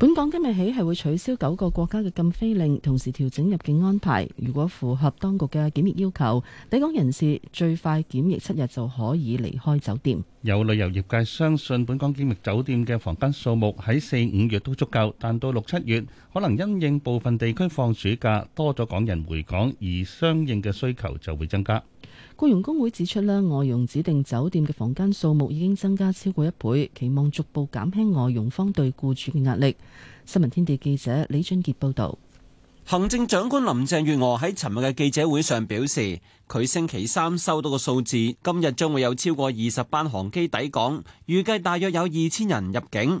[SPEAKER 3] 本港今日起係會取消九個國家嘅禁飛令，同時調整入境安排。如果符合當局嘅檢疫要求，抵港人士最快檢疫七日就可以離開酒店。
[SPEAKER 4] 有旅遊業界相信，本港檢疫酒店嘅房間數目喺四五月都足夠，但到六七月可能因應部分地區放暑假，多咗港人回港，而相應嘅需求就會增加。
[SPEAKER 3] 僱傭工會指出呢，外傭指定酒店嘅房間數目已經增加超過一倍，期望逐步減輕外傭方對雇主嘅壓力。新聞天地記者李俊傑報道。
[SPEAKER 8] 行政長官林鄭月娥喺尋日嘅記者會上表示，佢星期三收到嘅數字，今日將會有超過二十班航機抵港，預計大約有二千人入境。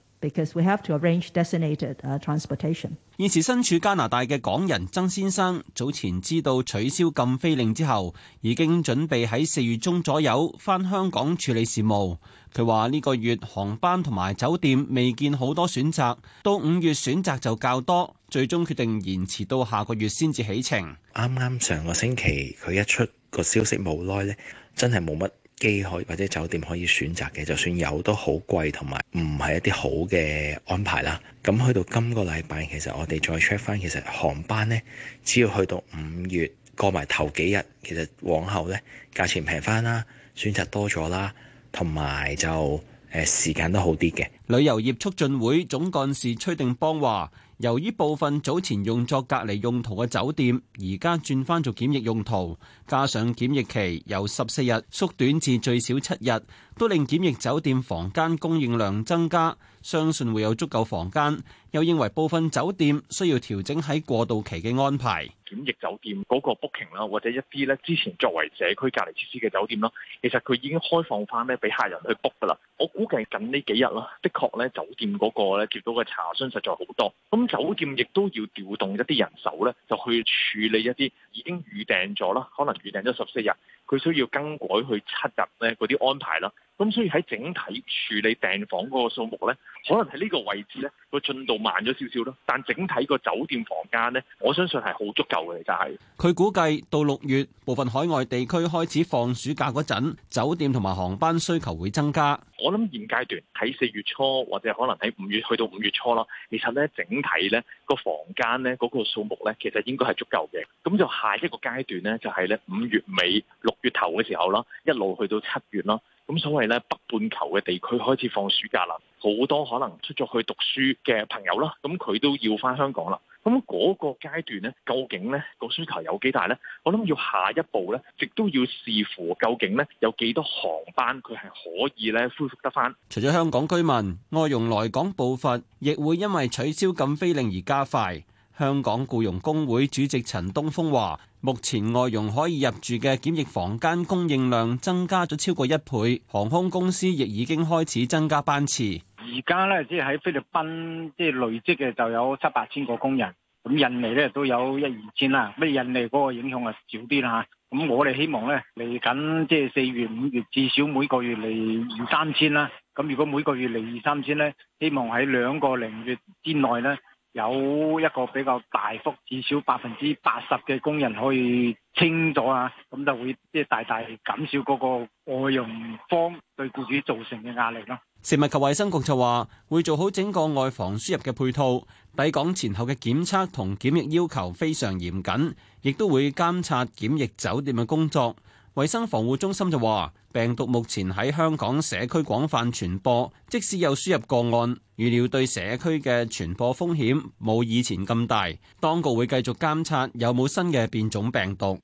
[SPEAKER 16] Because we have to arrange designated transportation。
[SPEAKER 8] 現時身處加拿大嘅港人曾先生，早前知道取消禁飛令之後，已經準備喺四月中左右返香港處理事務。佢話呢個月航班同埋酒店未見好多選擇，到五月選擇就較多，最終決定延遲到下個月先至起程。
[SPEAKER 1] 啱啱上個星期佢一出個消息，無奈呢，真係冇乜機可以或者酒店可以選擇嘅，就算有都好貴，同埋唔係一啲好嘅安排啦。咁去到今個禮拜，其實我哋再 check 翻，其實航班呢，只要去到五月過埋頭幾日，其實往後呢價錢平翻啦，選擇多咗啦，同埋就誒時間都好啲嘅。旅
[SPEAKER 8] 遊業促進會總幹事崔定邦話。由於部分早前用作隔離用途嘅酒店，而家轉返做檢疫用途，加上檢疫期由十四日縮短至最少七日，都令檢疫酒店房間供應量增加，相信會有足夠房間。又認為部分酒店需要調整喺過渡期嘅安排，
[SPEAKER 1] 檢疫酒店嗰個 booking 啦，或者一啲咧之前作為社區隔離設施嘅酒店咯，其實佢已經開放翻咧俾客人去 book 噶啦。我估計近呢幾日啦，的確咧酒店嗰個咧接到嘅查詢實在好多，咁酒店亦都要調動一啲人手咧，就去處理一啲已經預訂咗啦，可能預訂咗十四日，佢需要更改去七日咧嗰啲安排啦。咁所以喺整體處理訂房嗰個數目咧。可能喺呢個位置呢，個進度慢咗少少咯，但整體個酒店房間呢，我相信係好足夠嘅，就係
[SPEAKER 8] 佢估計到六月部分海外地區開始放暑假嗰陣，酒店同埋航班需求會增加。
[SPEAKER 1] 我諗現階段喺四月初或者可能喺五月去到五月初咯，其實呢，整體呢個房間呢，嗰個數目呢，其實應該係足夠嘅。咁就下一個階段呢，就係呢五月尾六月頭嘅時候啦，一路去到七月咯。咁所謂咧北半球嘅地區開始放暑假啦，好多可能出咗去讀書嘅朋友啦，咁佢都要翻香港啦。咁嗰個階段咧，究竟咧個需求有幾大咧？我諗要下一步咧，亦都要視乎究竟咧有幾多航班佢係可以咧恢復得翻。
[SPEAKER 8] 除咗香港居民，外傭來港步伐亦會因為取消禁飛令而加快。香港僱傭工會主席陳東峰話，目前外傭可以入住嘅檢疫房間供應量增加咗超過一倍，航空公司亦已經開始增加班次。
[SPEAKER 1] 而家咧,即係喺菲律賓，即係累積嘅就有七八千個工人，咁印尼咧都有一二千啦，咩印尼嗰個影響啊少啲啦吓。咁我哋希望咧，嚟緊即係四月、五月至少每個月嚟二三千啦。咁如果每個月嚟二三千咧，希望喺兩個零月之內咧，有一個比較大幅，至少百分之八十嘅工人可以清咗啊，咁就會即係大大減少嗰個外傭方對僱主造成嘅壓力咯。
[SPEAKER 8] 食物及衛生局就話，會做好整個外防輸入嘅配套，抵港前後嘅檢測同檢疫要求非常嚴謹，亦都會監察檢疫酒店嘅工作。衞生防護中心就話，病毒目前喺香港社區廣泛傳播，即使有輸入個案，預料對社區嘅傳播風險冇以前咁大。當局會繼續監察有冇新嘅變種病毒。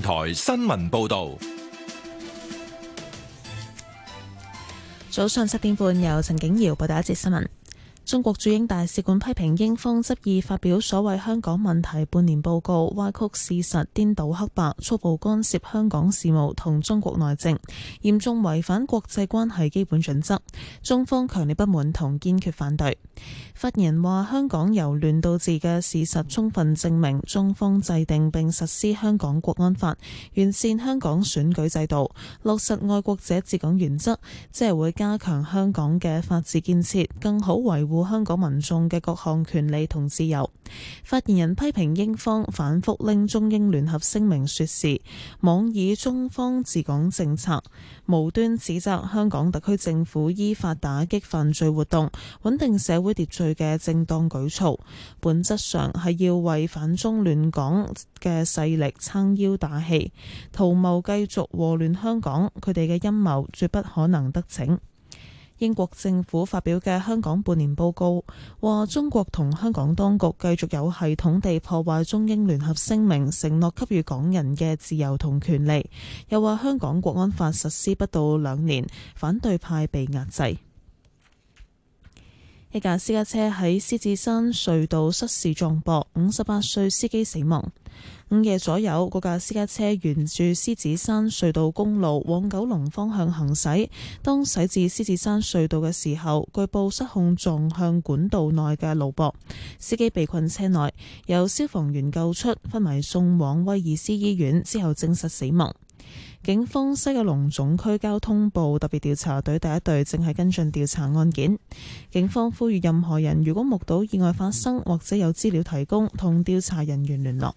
[SPEAKER 1] 台新聞報道，
[SPEAKER 10] 早上七點半由陳景瑤報道一節新聞。中國駐英大使館批評英方執意發表所謂香港問題半年報告，歪曲事實、顛倒黑白、粗暴干涉香港事務同中國內政，嚴重違反國際關係基本準則。中方強烈不滿同堅決反對。發言人話：香港由亂到治嘅事實充分證明，中方制定並實施香港國安法，完善香港選舉制度，落實愛國者治港原則，即係會加強香港嘅法治建設，更好維護。護香港民眾嘅各項權利同自由。發言人批評英方反覆拎《中英聯合聲明》說事，妄以中方治港政策，無端指責香港特區政府依法打擊犯罪活動、穩定社會秩序嘅正當舉措，本質上係要為反中亂港嘅勢力撐腰打氣，圖謀繼續禍亂香港。佢哋嘅陰謀絕不可能得逞。英國政府發表嘅香港半年報告話，中國同香港當局繼續有系統地破壞中英聯合聲明承諾給予港人嘅自由同權利，又話香港國安法實施不到兩年，反對派被壓制。一架私家車喺獅子山隧道失事撞壆，五十八歲司機死亡。午夜左右，嗰架私家車沿住獅子山隧道公路往九龍方向行駛。當駛至獅子山隧道嘅時候，據報失控撞向管道內嘅路壆，司機被困車內，由消防員救出，昏迷送往威爾斯醫院之後證實死亡。警方西九龍總區交通部特別調查隊第一隊正係跟進調查案件。警方呼籲任何人如果目睹意外發生或者有資料提供，同調查人員聯絡。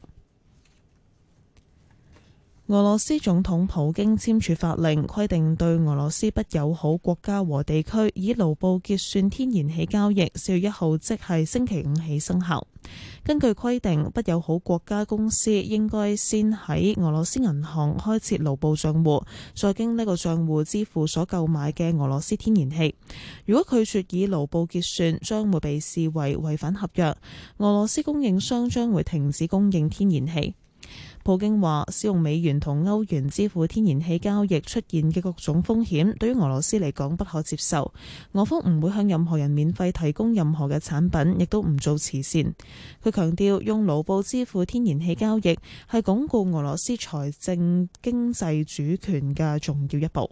[SPEAKER 10] 俄羅斯總統普京簽署法令，規定對俄羅斯不友好國家和地區以盧布結算天然氣交易，四月一號即係星期五起生效。根據規定，不友好國家公司應該先喺俄羅斯銀行開設盧布賬戶，再經呢個賬戶支付所購買嘅俄羅斯天然氣。如果拒絕以盧布結算，將會被視為違反合約，俄羅斯供應商將會停止供應天然氣。普京話：使用美元同歐元支付天然氣交易出現嘅各種風險，對於俄羅斯嚟講不可接受。俄方唔會向任何人免費提供任何嘅產品，亦都唔做慈善。佢強調，用盧布支付天然氣交易係鞏固俄羅斯財政經濟主權嘅重要一步。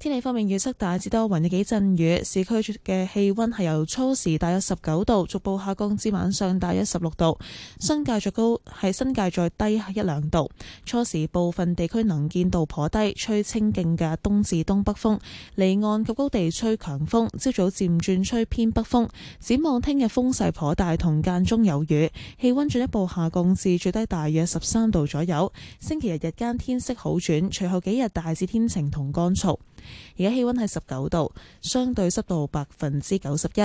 [SPEAKER 10] 天氣方面，預測大致多雲，有幾陣雨。市區嘅氣溫係由初時大約十九度，逐步下降至晚上大約十六度。新界最高係新界再低一兩度。初時部分地區能見度頗低，吹清勁嘅東至東北風，離岸及高地吹強風。朝早漸轉吹偏北風，展望聽日風勢頗大，同間中有雨，氣温進一步下降至最低大約十三度左右。星期日日間天色好轉，隨後幾日大致天晴同乾燥。而家氣溫係十九度，相對濕度百分之九十一。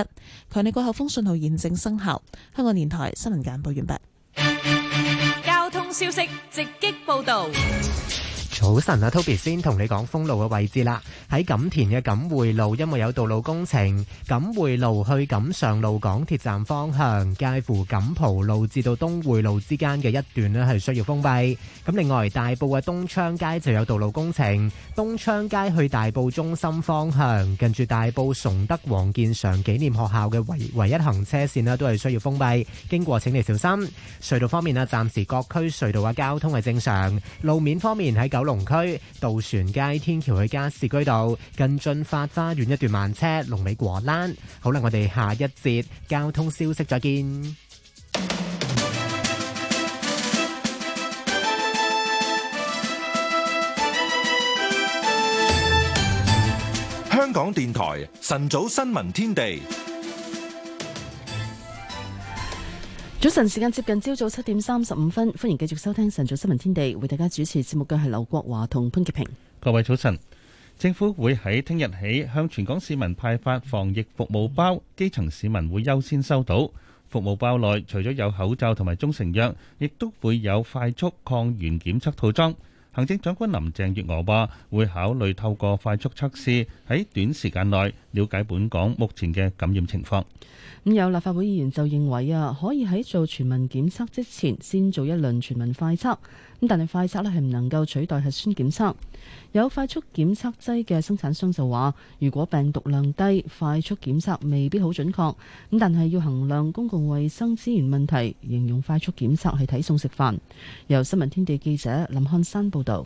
[SPEAKER 10] 強烈季候風信號現正生效。香港電台
[SPEAKER 11] 新聞簡報完畢。
[SPEAKER 5] 交通消息直擊報道。
[SPEAKER 11] 早晨啊，Toby 先同你講封路嘅位置啦。喺錦田嘅錦匯路，因為有道路工程，錦匯路去錦上路港鐵站方向，介乎錦浦路至到東匯路之間嘅一段咧係需要封閉。咁另外，大埔嘅東昌街就有道路工程，東昌街去大埔中心方向，近住大埔崇德黃建常紀念學校嘅唯唯一行車線咧都係需要封閉，經過請你小心。隧道方面啊，暫時各區隧道嘅交通係正常。路面方面喺九。龍區渡船街天橋去加士居道，近駿發花園一段慢車龍尾果欄。好啦，我哋下一節交通消息再見。
[SPEAKER 1] 香港電台晨早新聞天地。
[SPEAKER 3] 早晨時間接近朝早七點三十五分，歡迎繼續收聽晨早新聞天地。為大家主持節目嘅係劉國華同潘潔平。
[SPEAKER 4] 各位早晨，政府會喺聽日起向全港市民派發防疫服務包，基層市民會優先收到。服務包內除咗有口罩同埋中成藥，亦都會有快速抗原檢測套裝。行政長官林鄭月娥話：會考慮透過快速測試，喺短時間內了解本港目前嘅感染情況。
[SPEAKER 3] 咁有立法會議員就認為啊，可以喺做全民檢測之前，先做一輪全民快測。咁但係快測呢係唔能夠取代核酸檢測，有快速檢測劑嘅生產商就話：如果病毒量低，快速檢測未必好準確。咁但係要衡量公共衛生資源問題，形容快速檢測係睇餸食飯。由新聞天地記者林漢山報導。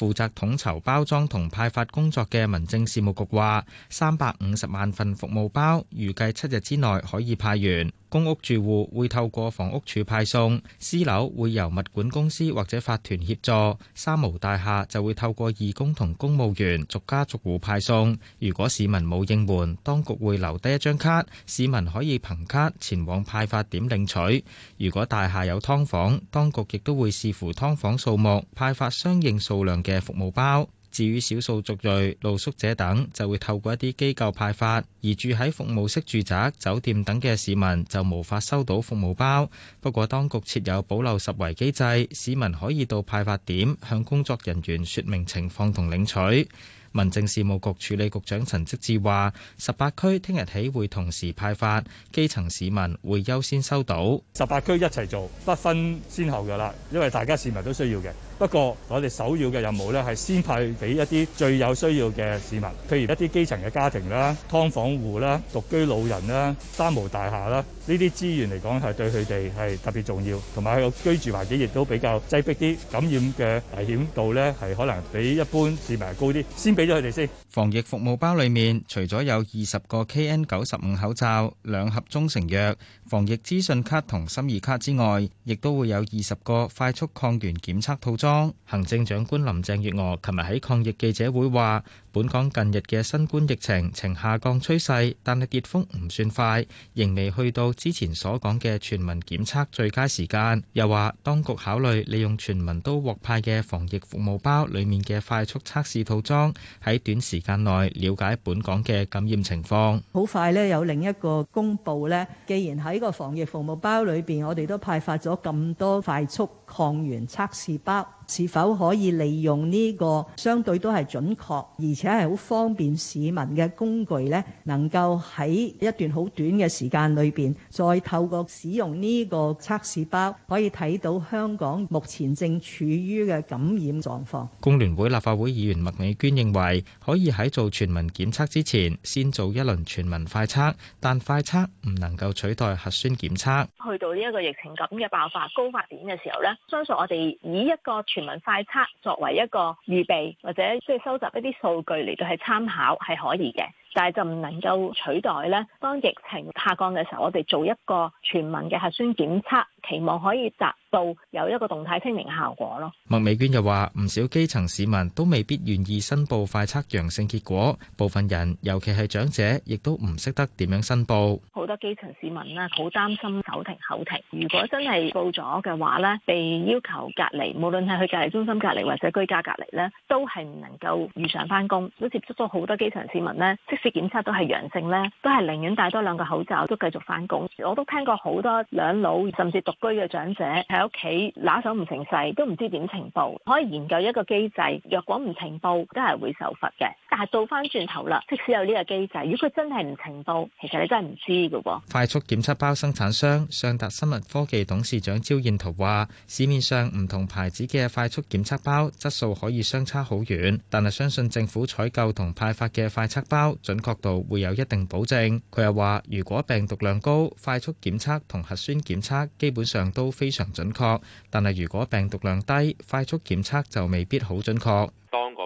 [SPEAKER 17] 負責統籌包裝同派發工作嘅民政事務局話，三百五十萬份服務包預計七日之內可以派完。公屋住戶會透過房屋署派送，私樓會由物管公司或者法團協助，三無大廈就會透過義工同公務員逐家逐戶派送。如果市民冇應門，當局會留低一張卡，市民可以憑卡前往派發點領取。如果大廈有劏房，當局亦都會視乎劏房數目派發相應數量嘅。嘅服務包，至於少數族裔、露宿者等，就會透過一啲機構派發；而住喺服務式住宅、酒店等嘅市民就無法收到服務包。不過，當局設有保留十圍機制，市民可以到派發點向工作人員説明情況同領取。民政事務局處理局長陳積志話，十八區聽日起會同時派發，基層市民會優先收到。十八
[SPEAKER 9] 區一齊做，不分先後㗎喇，因為大家市民都需要嘅。不過，我哋首要嘅任務咧，係先派俾一啲最有需要嘅市民，譬如一啲基層嘅家庭啦、㓥房戶啦、獨居老人啦、三無大廈啦，呢啲資源嚟講係對佢哋係特別重要，同埋佢個居住環境亦都比較擠迫啲，感染嘅危險度咧係可能比一般市民高啲，先俾咗佢哋先。防疫服務包裡面，除咗有二
[SPEAKER 17] 十個 KN 九十五口罩、兩盒中成藥。防疫資訊卡同心意卡之外，亦都會有二十個快速抗原檢測套裝。行政長官林鄭月娥琴日喺抗疫記者會話。本港近日嘅新冠疫情呈下降趨勢，但係跌幅唔算快，仍未去到之前所講嘅全民檢測最佳時間。又話當局考慮利用全民都獲派嘅防疫服務包裡面嘅快速測試套裝，喺短時間內了解本港嘅感染情況。
[SPEAKER 16] 好快咧，有另一個公佈咧，既然喺個防疫服務包裏邊，我哋都派發咗咁多快速抗原測試包。是否可以利用呢個相對都係準確，而且係好方便市民嘅工具咧，能夠喺一段好短嘅時間裏邊再透過使用呢個測試包，可以睇到香港目前正處於嘅感染狀況，
[SPEAKER 17] 工聯會立法會議員麥美娟認為可以喺做全民檢測之前，先做一輪全民快測，但快測唔能夠取代核酸檢測。去
[SPEAKER 16] 到呢一個疫
[SPEAKER 5] 情咁嘅爆發高發點嘅時候咧，相信我哋以一個全。文快測作為一個預備，或者即係收集一啲數據嚟到係參考，係可以嘅。但係就唔能夠取代咧，當疫情下降嘅時候，我哋做一個全民嘅核酸檢測，期望可以達到有一個動態清零效果咯。
[SPEAKER 17] 麥美娟又話：唔少基層市民都未必願意申報快測陽性結果，部分人尤其係長者，亦都唔識得點樣申報。
[SPEAKER 10] 好多基層市民呢，好擔心手停口停。如果
[SPEAKER 5] 真係報咗嘅話咧，被要求隔離，無論係去隔離中心隔離或者居家隔離咧，都係唔能夠如常翻工。都接觸咗好多基層市民咧，啲檢測都係陽性咧，都係寧願戴多兩個口罩都繼續翻工。我都聽過好多兩老甚至獨居嘅長者喺屋企揦手唔成勢，都唔知點申報。可以研究一個機制，
[SPEAKER 18] 若果唔申報都係會受罰嘅。但係倒翻轉頭啦，即使有呢個機制，如果佢真係唔申報，其實你真係唔知嘅喎。
[SPEAKER 17] 快速檢測包生產商上達生物科技董事長焦燕桃話：市面上唔同牌子嘅快速檢測包質素可以相差好遠，但係相信政府採購同派發嘅快測包。準確度會有一定保證。佢又話，如果病毒量高，快速檢測同核酸檢測基本上都非常準確，但係如果病毒量低，快速檢測就未必好準確。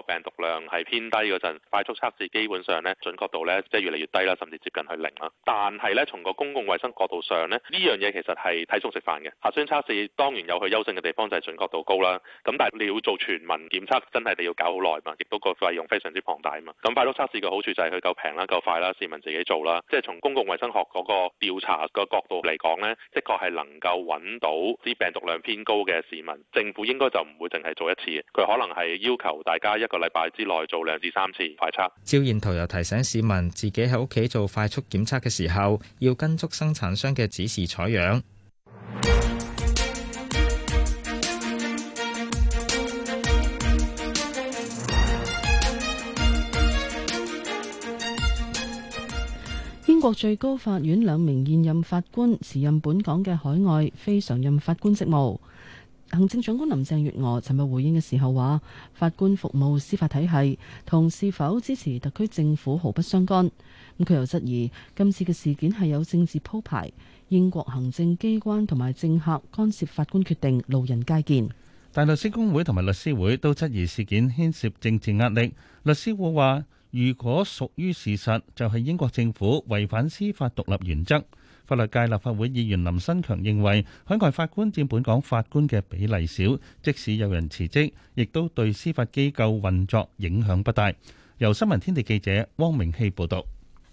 [SPEAKER 1] 病毒量係偏低嗰陣，快速測試基本上咧準確度咧即係越嚟越低啦，甚至接近去零啦。但係咧，從個公共衛生角度上咧，呢樣嘢其實係睇餸食飯嘅核酸測試。當然有佢優勝嘅地方就係準確度高啦。咁但係你要做全民檢測，真係你要搞好耐嘛，亦都個費用非常之龐大嘛。咁快速測試嘅好處就係佢夠平啦、夠快啦、市民自己做啦。即係從公共衛生學嗰個調查嘅角度嚟講咧，的確係能夠揾到啲病毒量偏高嘅市民，政府應該就唔會淨係做一次，佢可能係要求大家一個禮拜之內做兩至三次快測。
[SPEAKER 17] 趙彥圖又提醒市民自己喺屋企做快速檢測嘅時候，要跟足生產商嘅指示採樣。
[SPEAKER 3] 英國最高法院兩名現任法官辭任本港嘅海外非常任法官職務。行政長官林鄭月娥尋日回應嘅時候話：法官服務司法體系同是否支持特區政府毫不相干。咁佢又質疑今次嘅事件係有政治鋪排，英國行政機關同埋政客干涉法官決定，路人皆見。
[SPEAKER 4] 大律師公會同埋律師會都質疑事件牽涉政治壓力。律師會話：如果屬於事實，就係英國政府違反司法獨立原則。法律界立法會議員林新強認為，海外法官佔本港法官嘅比例少，即使有人辭職，亦都對司法機構運作影響不大。由新聞天地記者汪明熙報道。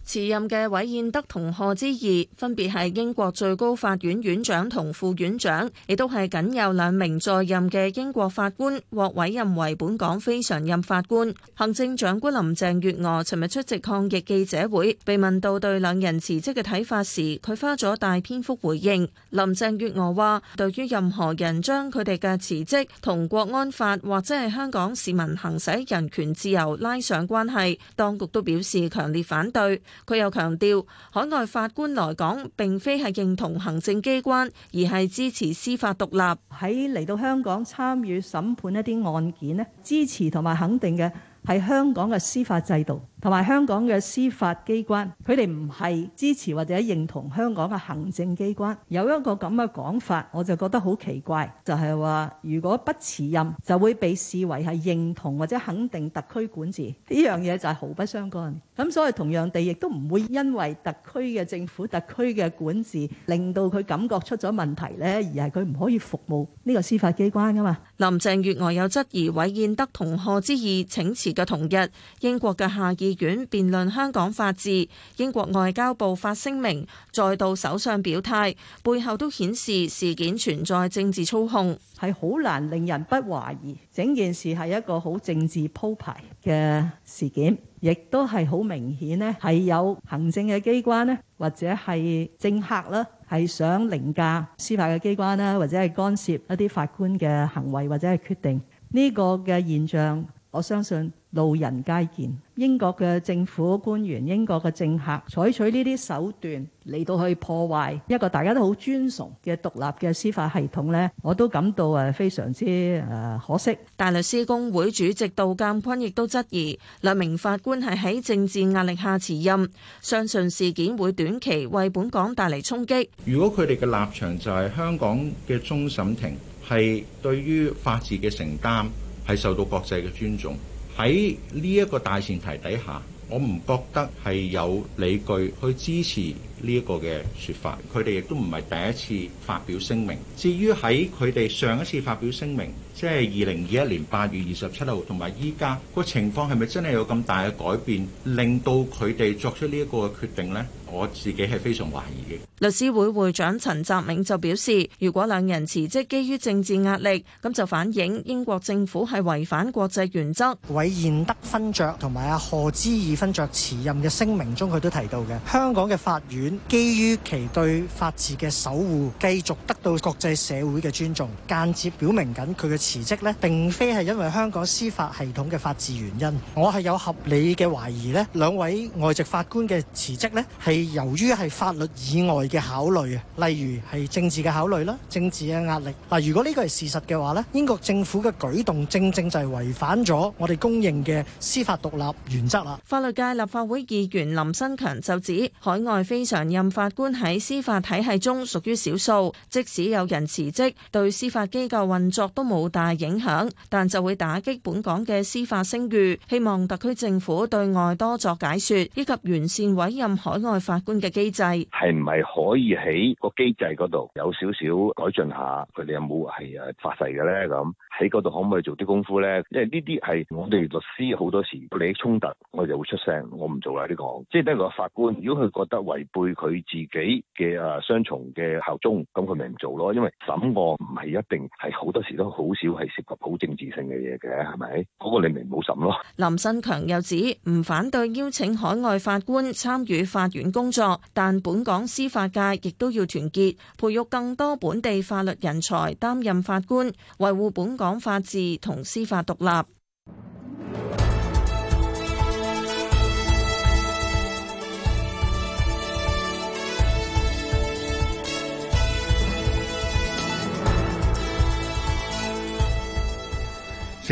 [SPEAKER 18] 辭任嘅韋彥德同賀知義分別係英國最高法院院長同副院長，亦都係僅有兩名在任嘅英國法官獲委任為本港非常任法官。行政長官林鄭月娥尋日出席抗疫記者會，被問到對兩人辭職嘅睇法時，佢花咗大篇幅回應。林鄭月娥話：對於任何人將佢哋嘅辭職同國安法或者係香港市民行使人權自由拉上關係，當局都表示強烈反對。佢又強調，海外法官來港並非係認同行政機關，而係支持司法獨立。喺嚟到香港參與審判一啲案件咧，支持
[SPEAKER 16] 同埋肯定嘅係香港嘅司法制度。同埋香港嘅司法機關，佢哋唔係支持或者認同香港嘅行政機關。有一個咁嘅講法，我就覺得好奇怪，就係話如果不辭任，就會被視為係認同或者肯定特區管治，呢樣嘢就係毫不相干。咁所以同樣地，亦都唔會因為特區嘅政府、特區嘅管治，令到佢感覺出咗問題咧，而係佢唔可以服務呢個司法機關噶嘛。
[SPEAKER 18] 林鄭月娥有質疑韋彥德同賀知義請辭嘅同日，英國嘅下議院辯論香港法治，英國外交部發聲明，再度首相表態，背後都顯示事件存在政治操控，係好難令人不懷疑，整件事係一個好
[SPEAKER 16] 政治鋪排嘅事件，亦都係好明顯咧，係有行政嘅機關咧，或者係政客啦，係想凌駕司法嘅機關啦，或者係干涉一啲法官嘅行為或者係決定呢個嘅現象，我相信。路人皆見，英國嘅政府官員、英國嘅政客採取呢啲手段嚟到去破壞一個大家都好尊崇嘅獨立嘅司
[SPEAKER 18] 法系統呢，我都感
[SPEAKER 16] 到誒非常之誒可惜。大律師公會主
[SPEAKER 18] 席杜鑑坤亦都質疑，兩名法官係喺政治壓力下辭任，相信事件會短期為本港帶嚟衝擊。
[SPEAKER 1] 如果佢哋嘅立場就係香港嘅終審庭係對於法治嘅承擔係受到國際嘅尊重。喺呢一個大前提底下，我唔覺得係有理據去支持呢一個嘅說法，佢哋亦都唔係第一次發表聲明。至於喺佢哋上一次發表聲明，即係二零二一年八月二十七號同埋依家個情況係咪真係有咁大嘅改變令到佢哋作出呢一個嘅決定咧？我自己係非常懷疑嘅。
[SPEAKER 18] 律師會會長陳澤銘就表示，如果兩人辭職基於政治壓力，咁就反映英國政府係違反國際原則。
[SPEAKER 7] 韋彥德勳爵同埋阿賀知義勳爵辭任嘅聲明中，佢都提到嘅香港嘅法院。基於其對法治嘅守護，繼續得到國際社會嘅尊重，間接表明緊佢嘅辭職呢，並非係因為香港司法系統嘅法治原因。我係有合理嘅懷疑呢，兩位外籍法官嘅辭職呢，係由於係法律以外嘅考慮啊，例如係政治嘅考慮啦，政治嘅壓力。嗱，如果呢個係事實嘅話呢，英國政府嘅舉動正正就係違反咗我哋公認嘅司法獨立原則啦。
[SPEAKER 18] 法律界立法會議員林新強就指，海外非常任法官喺司法體系中屬於少數，即使有人辭職，對司法機構運作都冇大影響，但就會打擊本港嘅司法聲譽。希望特區政府對外多作解說，以及完善委任海外法官嘅機制，
[SPEAKER 1] 係唔係可以喺個機制嗰度有少少改進下？佢哋有冇係啊發誓嘅咧？咁喺嗰度可唔可以做啲功夫咧？因為呢啲係我哋律師好多時利益衝突，我就會出聲，我唔做啦呢個。即係得個法官，如果佢覺得違背。對佢自己嘅啊雙重嘅效忠，咁佢咪唔做咯？因為審案唔係一定係好多時都好少係涉及好政治性嘅嘢嘅，係咪？嗰個你咪冇審咯。
[SPEAKER 18] 林新強又指唔反對邀請海外法官參與法院工作，但本港司法界亦都要團結，培育更多本地法律人才擔任法官，維護本港法治同司法獨立。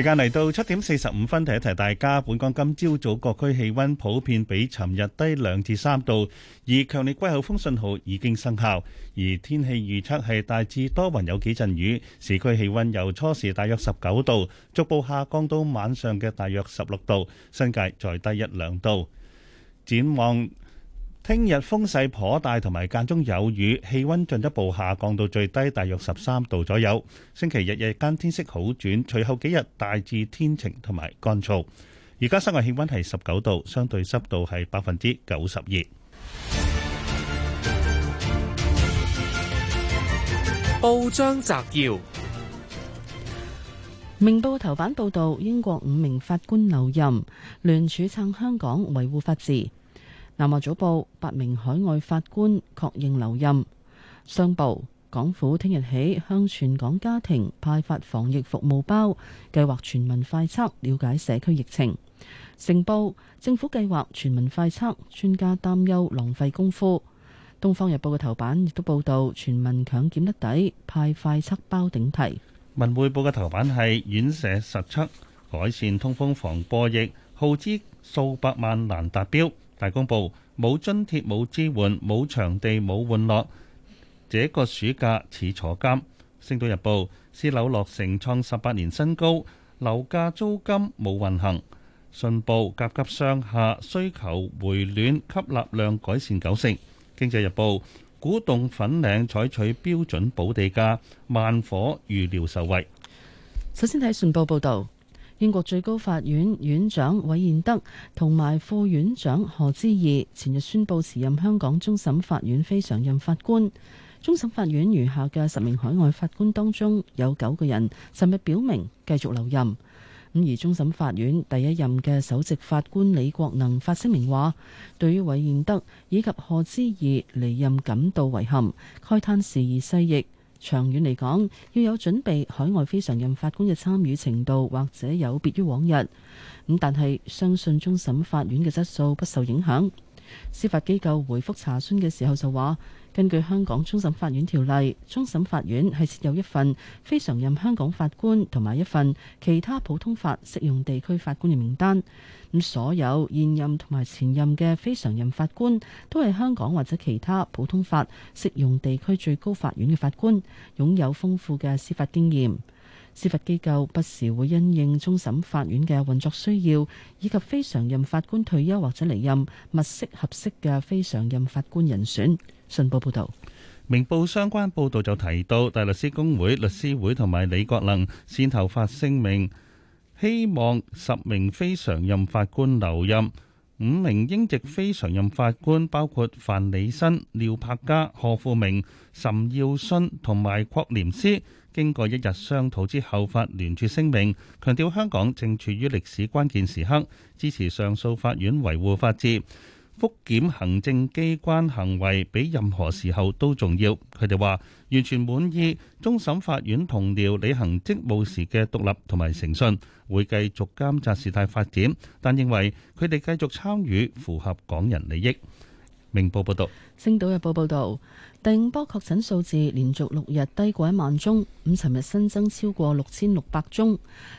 [SPEAKER 4] 時間嚟到七點四十五分，提一提大家，本港今朝早各區氣溫普遍比尋日低兩至三度，而強烈季候風信號已經生效，而天氣預測係大致多雲有幾陣雨，市區氣溫由初時大約十九度，逐步下降到晚上嘅大約十六度，新界再低一兩度。展望。聽日風勢頗大，同埋間中有雨，氣溫進一步下降到最低大約十三度左右。星期日夜間天色好轉，隨後幾日大致天晴同埋乾燥。而家室外氣溫係十九度，相對濕度係百分之九十二。
[SPEAKER 3] 報章摘要：明報頭版報道，英國五名法官留任，聯署撐香港維護法治。南華早報：八名海外法官確認留任。商報：港府聽日起向全港家庭派發防疫服務包，計劃全民快測了解社區疫情。成報：政府計劃全民快測，專家擔憂浪費功夫。東方日報嘅頭版亦都報道全民強檢甩底，派快測包頂替。
[SPEAKER 4] 文匯報嘅頭版係院舍實測，改善通風防播疫，耗資數百萬難達標。大公報，冇津貼、冇支援、冇場地、冇玩樂，這個暑假似坐監。星島日報，私樓落成創十八年新高，樓價租金冇運行。信報，甲級商廈，需求回暖，吸納量改善九成。經濟日報，古洞粉嶺採取標準補地價，萬伙預料受惠。
[SPEAKER 3] 首先睇信報報導。英國最高法院院長韋彥德同埋副院長賀知義前日宣布辭任香港終審法院非常任法官。終審法院餘下嘅十名海外法官當中有九個人尋日表明繼續留任。咁而終審法院第一任嘅首席法官李國能發聲明話，對於韋彥德以及賀知義離任感到遺憾，慨嘆時移世易。長遠嚟講，要有準備，海外非常任法官嘅參與程度或者有別於往日。咁但係相信終審法院嘅質素不受影響。司法機構回覆查詢嘅時候就話：根據香港終審法院條例，終審法院係設有一份非常任香港法官同埋一份其他普通法適用地區法官嘅名單。咁所有現任同埋前任嘅非常任法官都係香港或者其他普通法適用地區最高法院嘅法官，擁有豐富嘅司法經驗。司法機構不時會因應終審法院嘅運作需要，以及非常任法官退休或者離任，物色合適嘅非常任法官人選。信報報導，
[SPEAKER 4] 明報相關報導就提到，大律師公會、律師會同埋李國能先後發聲明，希望十名非常任法官留任，五名英籍非常任法官包括范理新、廖柏嘉、賀富明、岑耀信同埋郭廉斯。經過一日商討之後，發聯署聲明，強調香港正處於歷史關鍵時刻，支持上訴法院維護法治。覆檢行政機關行為比任何時候都重要。佢哋話完全滿意終審法院同僚履行職務時嘅獨立同埋誠信，會繼續監察事態發展，但認為佢哋繼續參與符合港人利益。明報報道，
[SPEAKER 3] 星島日報報道，第五波確診數字連續六日低過一萬宗。咁，尋日新增超過六千六百宗。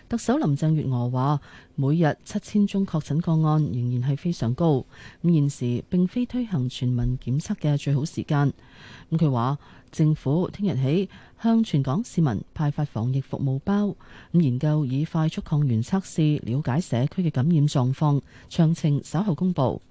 [SPEAKER 3] 特首林鄭月娥話，每日七千宗確診個案仍然係非常高。咁，現時並非推行全民檢測嘅最好時間。咁，佢話政府聽日起向全港市民派發防疫服務包。咁，研究以快速抗原測試了解社區嘅感染狀況，詳情稍後公布。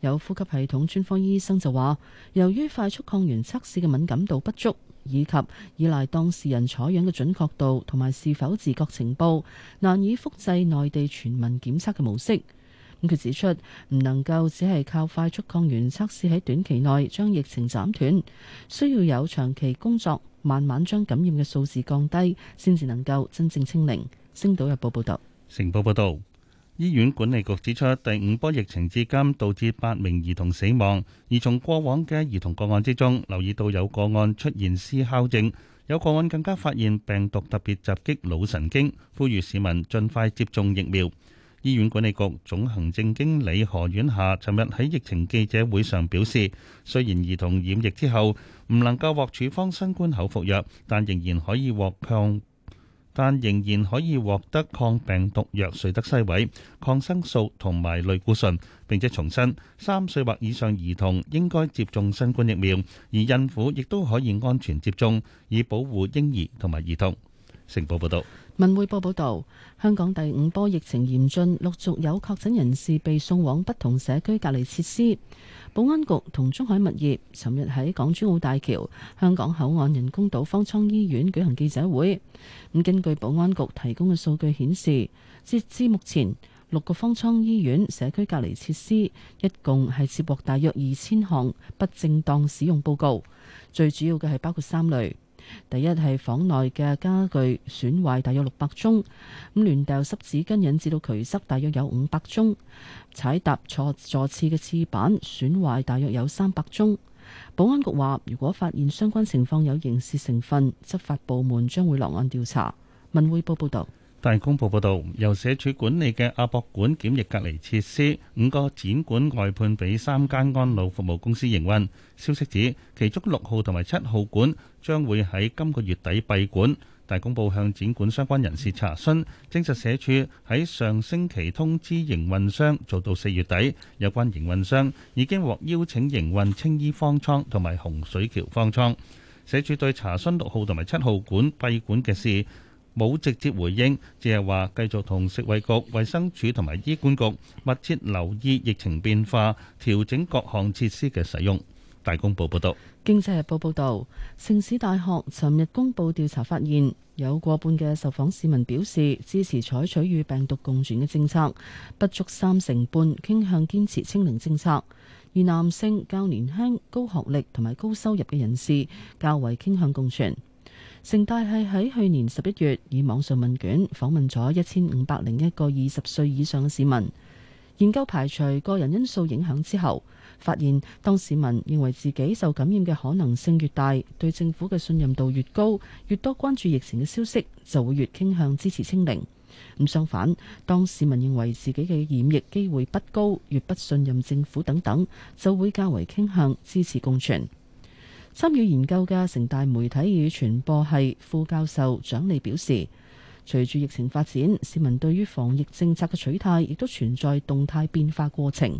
[SPEAKER 3] 有呼吸系統專科醫生就話，由於快速抗原測試嘅敏感度不足，以及依賴當事人採樣嘅準確度同埋是否自覺呈報，難以複製內地全民檢測嘅模式。咁佢指出，唔能夠只係靠快速抗原測試喺短期內將疫情斬斷，需要有長期工作，慢慢將感染嘅數字降低，先至能夠真正清零。星島日報報道。
[SPEAKER 4] 成報報導。醫院管理局指出，第五波疫情至今導致八名兒童死亡，而從過往嘅兒童個案之中，留意到有個案出現嘶哮症，有個案更加發現病毒特別襲擊腦神經，呼籲市民盡快接種疫苗。醫院管理局總行政經理何婉霞尋日喺疫情記者會上表示，雖然兒童染疫之後唔能夠獲處方新冠口服藥，但仍然可以獲抗。但仍然可以獲得抗病毒藥瑞德西韋、抗生素同埋類固醇，並且重申三歲或以上兒童應該接種新冠疫苗，而孕婦亦都可以安全接種，以保護嬰兒同埋兒童。成報報道，
[SPEAKER 3] 文匯報報道，香港第五波疫情嚴峻，陸續有確診人士被送往不同社區隔離設施。保安局同中海物業尋日喺港珠澳大橋香港口岸人工島方艙醫院舉行記者會。咁根據保安局提供嘅數據顯示，截至目前，六個方艙醫院社區隔離設施一共係接獲大約二千項不正當使用報告，最主要嘅係包括三類。第一係房內嘅家具損壞，大約六百宗；咁亂掉濕紙巾引致到渠塞，大約有五百宗；踩踏錯座廁嘅廁板損壞，大約有三百宗。保安局話，如果發現相關情況有刑事成分，執法部門將會落案調查。文匯報報道。
[SPEAKER 4] 大公報報道，由社署管理嘅亞博館檢疫隔離設施，五個展館外判俾三間安老服務公司營運。消息指，其中六號同埋七號館將會喺今個月底閉館。大公報向展館相關人士查詢，證實社署喺上星期通知營運商做到四月底，有關營運商已經獲邀請營運青衣方艙同埋洪水橋方艙。社署對查詢六號同埋七號館閉館嘅事冇直接回應，只係話繼續同食衞局、衞生署同埋醫管局密切留意疫情變化，調整各項設施嘅使用。大公報報道。
[SPEAKER 3] 《經濟日報》報道，城市大學尋日公佈調查發現，有過半嘅受訪市民表示支持採取與病毒共存嘅政策，不足三成半傾向堅持清零政策。而男性、較年輕、高學歷同埋高收入嘅人士較為傾向共存。成大係喺去年十一月以網上問卷訪問咗一千五百零一個二十歲以上嘅市民，研究排除個人因素影響之後，發現當市民認為自己受感染嘅可能性越大，對政府嘅信任度越高，越多關注疫情嘅消息，就會越傾向支持清零。咁相反，當市民認為自己嘅染疫機會不高，越不信任政府等等，就會較為傾向支持共存。參與研究嘅城大媒體與傳播系副教授蔣利表示，隨住疫情發展，市民對於防疫政策嘅取態亦都存在動態變化過程。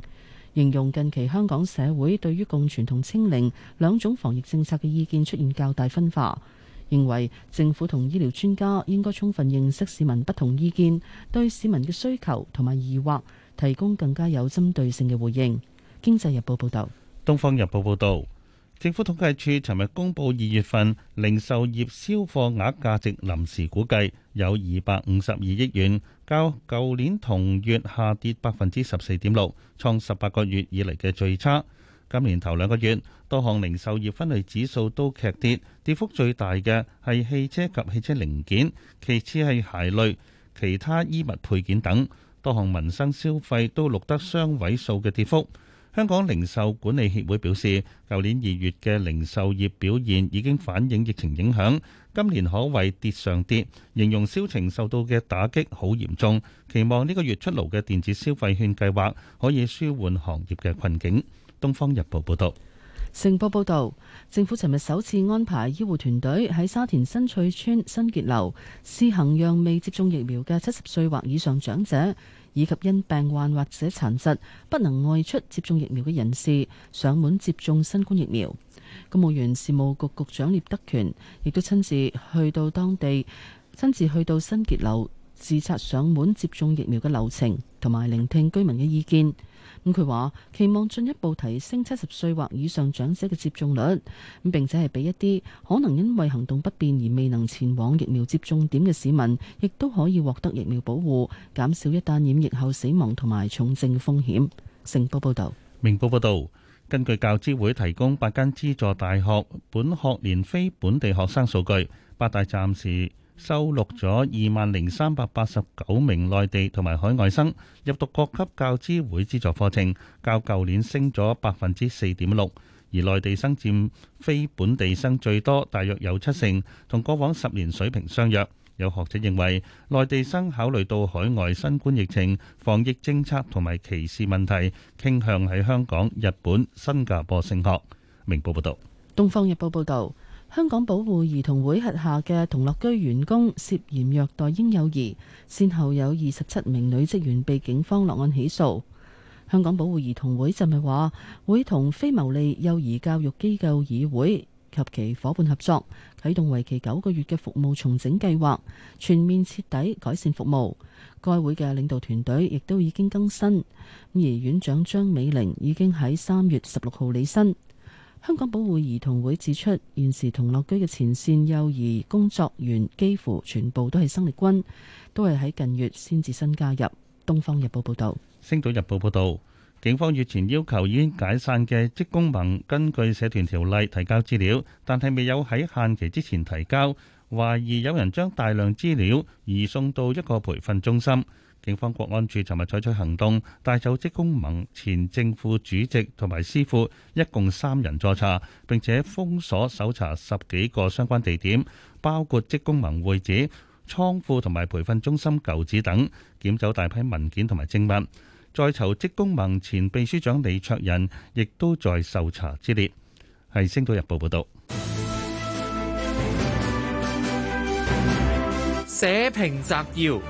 [SPEAKER 3] 形容近期香港社會對於共存同清零兩種防疫政策嘅意見出現較大分化，認為政府同醫療專家應該充分認識市民不同意見，對市民嘅需求同埋疑惑，提供更加有針對性嘅回應。經濟日報報道，東方
[SPEAKER 4] 日報報道。政府統計處尋日公布二月份零售業銷貨額價值臨時估計有二百五十二億元，較舊年同月下跌百分之十四點六，創十八個月以嚟嘅最差。今年頭兩個月多項零售業分類指數都劇跌，跌幅最大嘅係汽車及汽車零件，其次係鞋類、其他衣物配件等，多項民生消費都錄得雙位數嘅跌幅。香港零售管理協會表示，舊年二月嘅零售業表現已經反映疫情影響，今年可謂跌上跌，形容銷情受到嘅打擊好嚴重。期望呢個月出爐嘅電子消費券計劃可以舒緩行業嘅困境。東方日報報道，
[SPEAKER 3] 成報報道，政府尋日首次安排醫護團隊喺沙田新翠邨新傑樓試行，讓未接種疫苗嘅七十歲或以上長者，以及因病患或者殘疾不能外出接種疫苗嘅人士，上門接種新冠疫苗。公務員事務局局長聶德權亦都親自去到當地，親自去到新杰樓視察上門接種疫苗嘅流程，同埋聆聽居民嘅意見。咁佢話期望進一步提升七十歲或以上長者嘅接種率，咁並且係俾一啲可能因為行動不便而未能前往疫苗接種點嘅市民，亦都可以獲得疫苗保護，減少一旦染疫後死亡同埋重症嘅風險。成報報導，
[SPEAKER 4] 明報報導，根據教資會提供八間資助大學本學年非本地學生數據，八大暫時，收錄咗二萬零三百八十九名內地同埋海外生入讀各級教資會資助課程，較舊年升咗百分之四點六，而內地生佔非本地生最多，大約有七成，同過往十年水平相若。有學者認為，內地生考慮到海外新冠疫情防疫政策同埋歧視問題傾向喺香港、日本、新加坡升學。明報報道。
[SPEAKER 3] 東方日報報道。香港保護兒童會轄下嘅同樂居員工涉嫌虐待嬰幼兒，先後有二十七名女職員被警方落案起訴。香港保護兒童會就係話會同非牟利幼兒教育機構議會及其伙伴合作，啟動為期九個月嘅服務重整計劃，全面徹底改善服務。該會嘅領導團隊亦都已經更新，而院長張美玲已經喺三月十六號離任。香港保護兒童會指出，現時同樂居嘅前線幼兒工作員幾乎全部都係生力軍，都係喺近月先至新加入。東方日報報道，
[SPEAKER 4] 星島日報報道，警方月前要求已經解散嘅職工盟根據社團條例提交資料，但係未有喺限期之前提交，懷疑有人將大量資料移送到一個培訓中心。警方國安處尋日採取行動，帶走職工盟前正副主席同埋師傅，一共三人助查，並且封鎖搜查十幾個相關地點，包括職工盟會址、倉庫同埋培訓中心舊址等，檢走大批文件同埋證物。在囚職工盟前秘書長李卓人亦都在受查之列。係《星島日報》報道。
[SPEAKER 3] 社評摘要。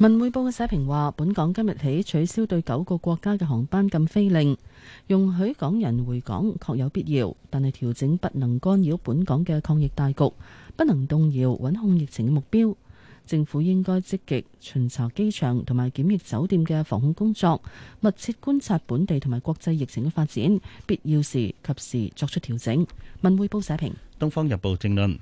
[SPEAKER 3] 文匯報嘅社評話：本港今日起取消對九個國家嘅航班禁飛令，容許港人回港確有必要，但係調整不能干擾本港嘅抗疫大局，不能動搖穩控疫情嘅目標。政府應該積極巡查機場同埋檢疫酒店嘅防控工作，密切觀察本地同埋國際疫情嘅發展，必要時及時作出調整。文匯報社評，
[SPEAKER 4] 《東方日報》政論。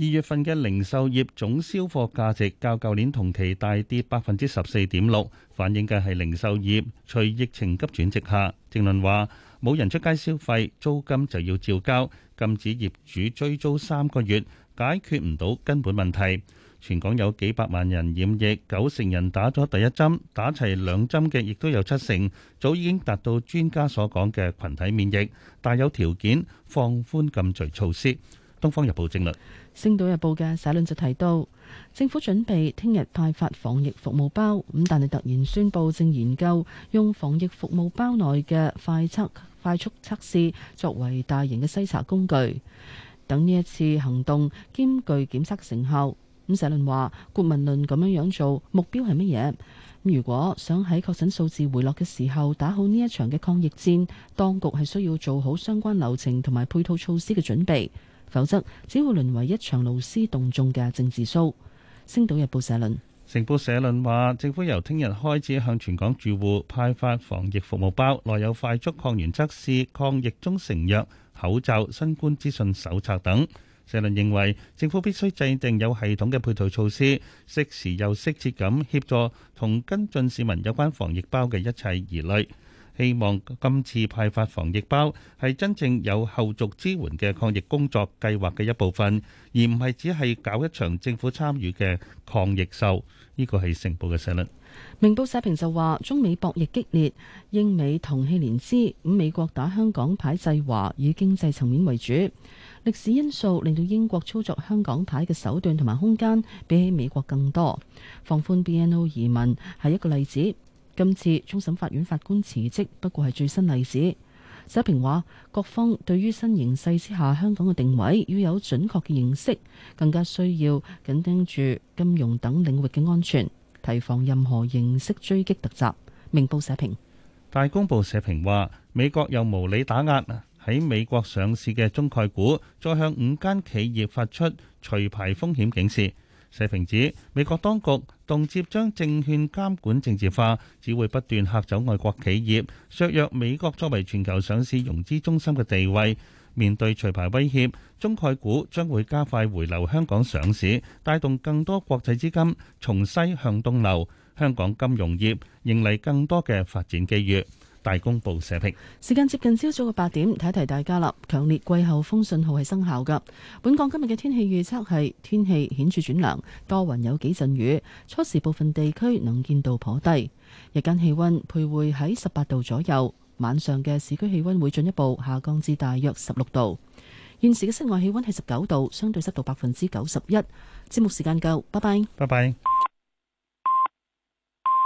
[SPEAKER 4] 二月份嘅零售業總銷貨價值較舊年同期大跌百分之十四點六，反映嘅係零售業隨疫情急轉直下。鄭論話：冇人出街消費，租金就要照交，禁止業主追租三個月，解決唔到根本問題。全港有幾百萬人染疫，九成人打咗第一針，打齊兩針嘅亦都有七成，早已經達到專家所講嘅群體免疫，但有條件放寬禁聚措施。《東方日報政略》
[SPEAKER 3] 政論，《星島日報》嘅社論就提到，政府準備聽日派發防疫服務包，咁但係突然宣布正研究用防疫服務包內嘅快測快速測試作為大型嘅篩查工具，等呢一次行動兼具檢測成效。咁社論話，國民論，咁樣樣做，目標係乜嘢？如果想喺確診數字回落嘅時候打好呢一場嘅抗疫戰，當局係需要做好相關流程同埋配套措施嘅準備。否則，只會淪為一場勞師動眾嘅政治騷。星島日報社論。
[SPEAKER 4] 成報社論話，政府由聽日開始向全港住戶派發防疫服務包，內有快速抗原測試、抗疫中成藥、口罩、新冠資訊手冊等。社論認為，政府必須制定有系統嘅配套措施，適時又適切咁協助同跟進市民有關防疫包嘅一切疑慮。希望今次派發防疫包係真正有後續支援嘅抗疫工作計劃嘅一部分，而唔係只係搞一場政府參與嘅抗疫秀。呢、這個係成報嘅社論。
[SPEAKER 3] 明報社評就話：中美博弈激烈，英美同氣連枝。咁美國打香港牌制華，以經濟層面為主。歷史因素令到英國操作香港牌嘅手段同埋空間，比起美國更多。放寬 BNO 移民係一個例子。今次終審法院法官辭職不過係最新例子。社評，話，各方對於新形勢之下香港嘅定位要有準確嘅認識，更加需要緊盯住金融等領域嘅安全，提防任何形式追擊突襲。明報社評。
[SPEAKER 4] 大公報社評話美國又無理打壓喺美國上市嘅中概股，再向五間企業發出除牌風險警示。社評指美國當局動輒將證券監管政治化，只會不斷嚇走外國企業，削弱美國作為全球上市融資中心嘅地位。面對除牌威脅，中概股將會加快回流香港上市，帶動更多國際資金從西向東流，香港金融業迎嚟更多嘅發展機遇。大公報社評，
[SPEAKER 3] 時間接近朝早嘅八點，提提大家啦。強烈季候風信號係生效噶。本港今日嘅天氣預測係天氣顯著轉涼，多雲有幾陣雨，初時部分地區能見度頗低。日間氣温徘徊喺十八度左右，晚上嘅市區氣温會進一步下降至大約十六度。現時嘅室外氣温係十九度，相對濕度百分之九十一。節目時間夠，拜拜，拜拜。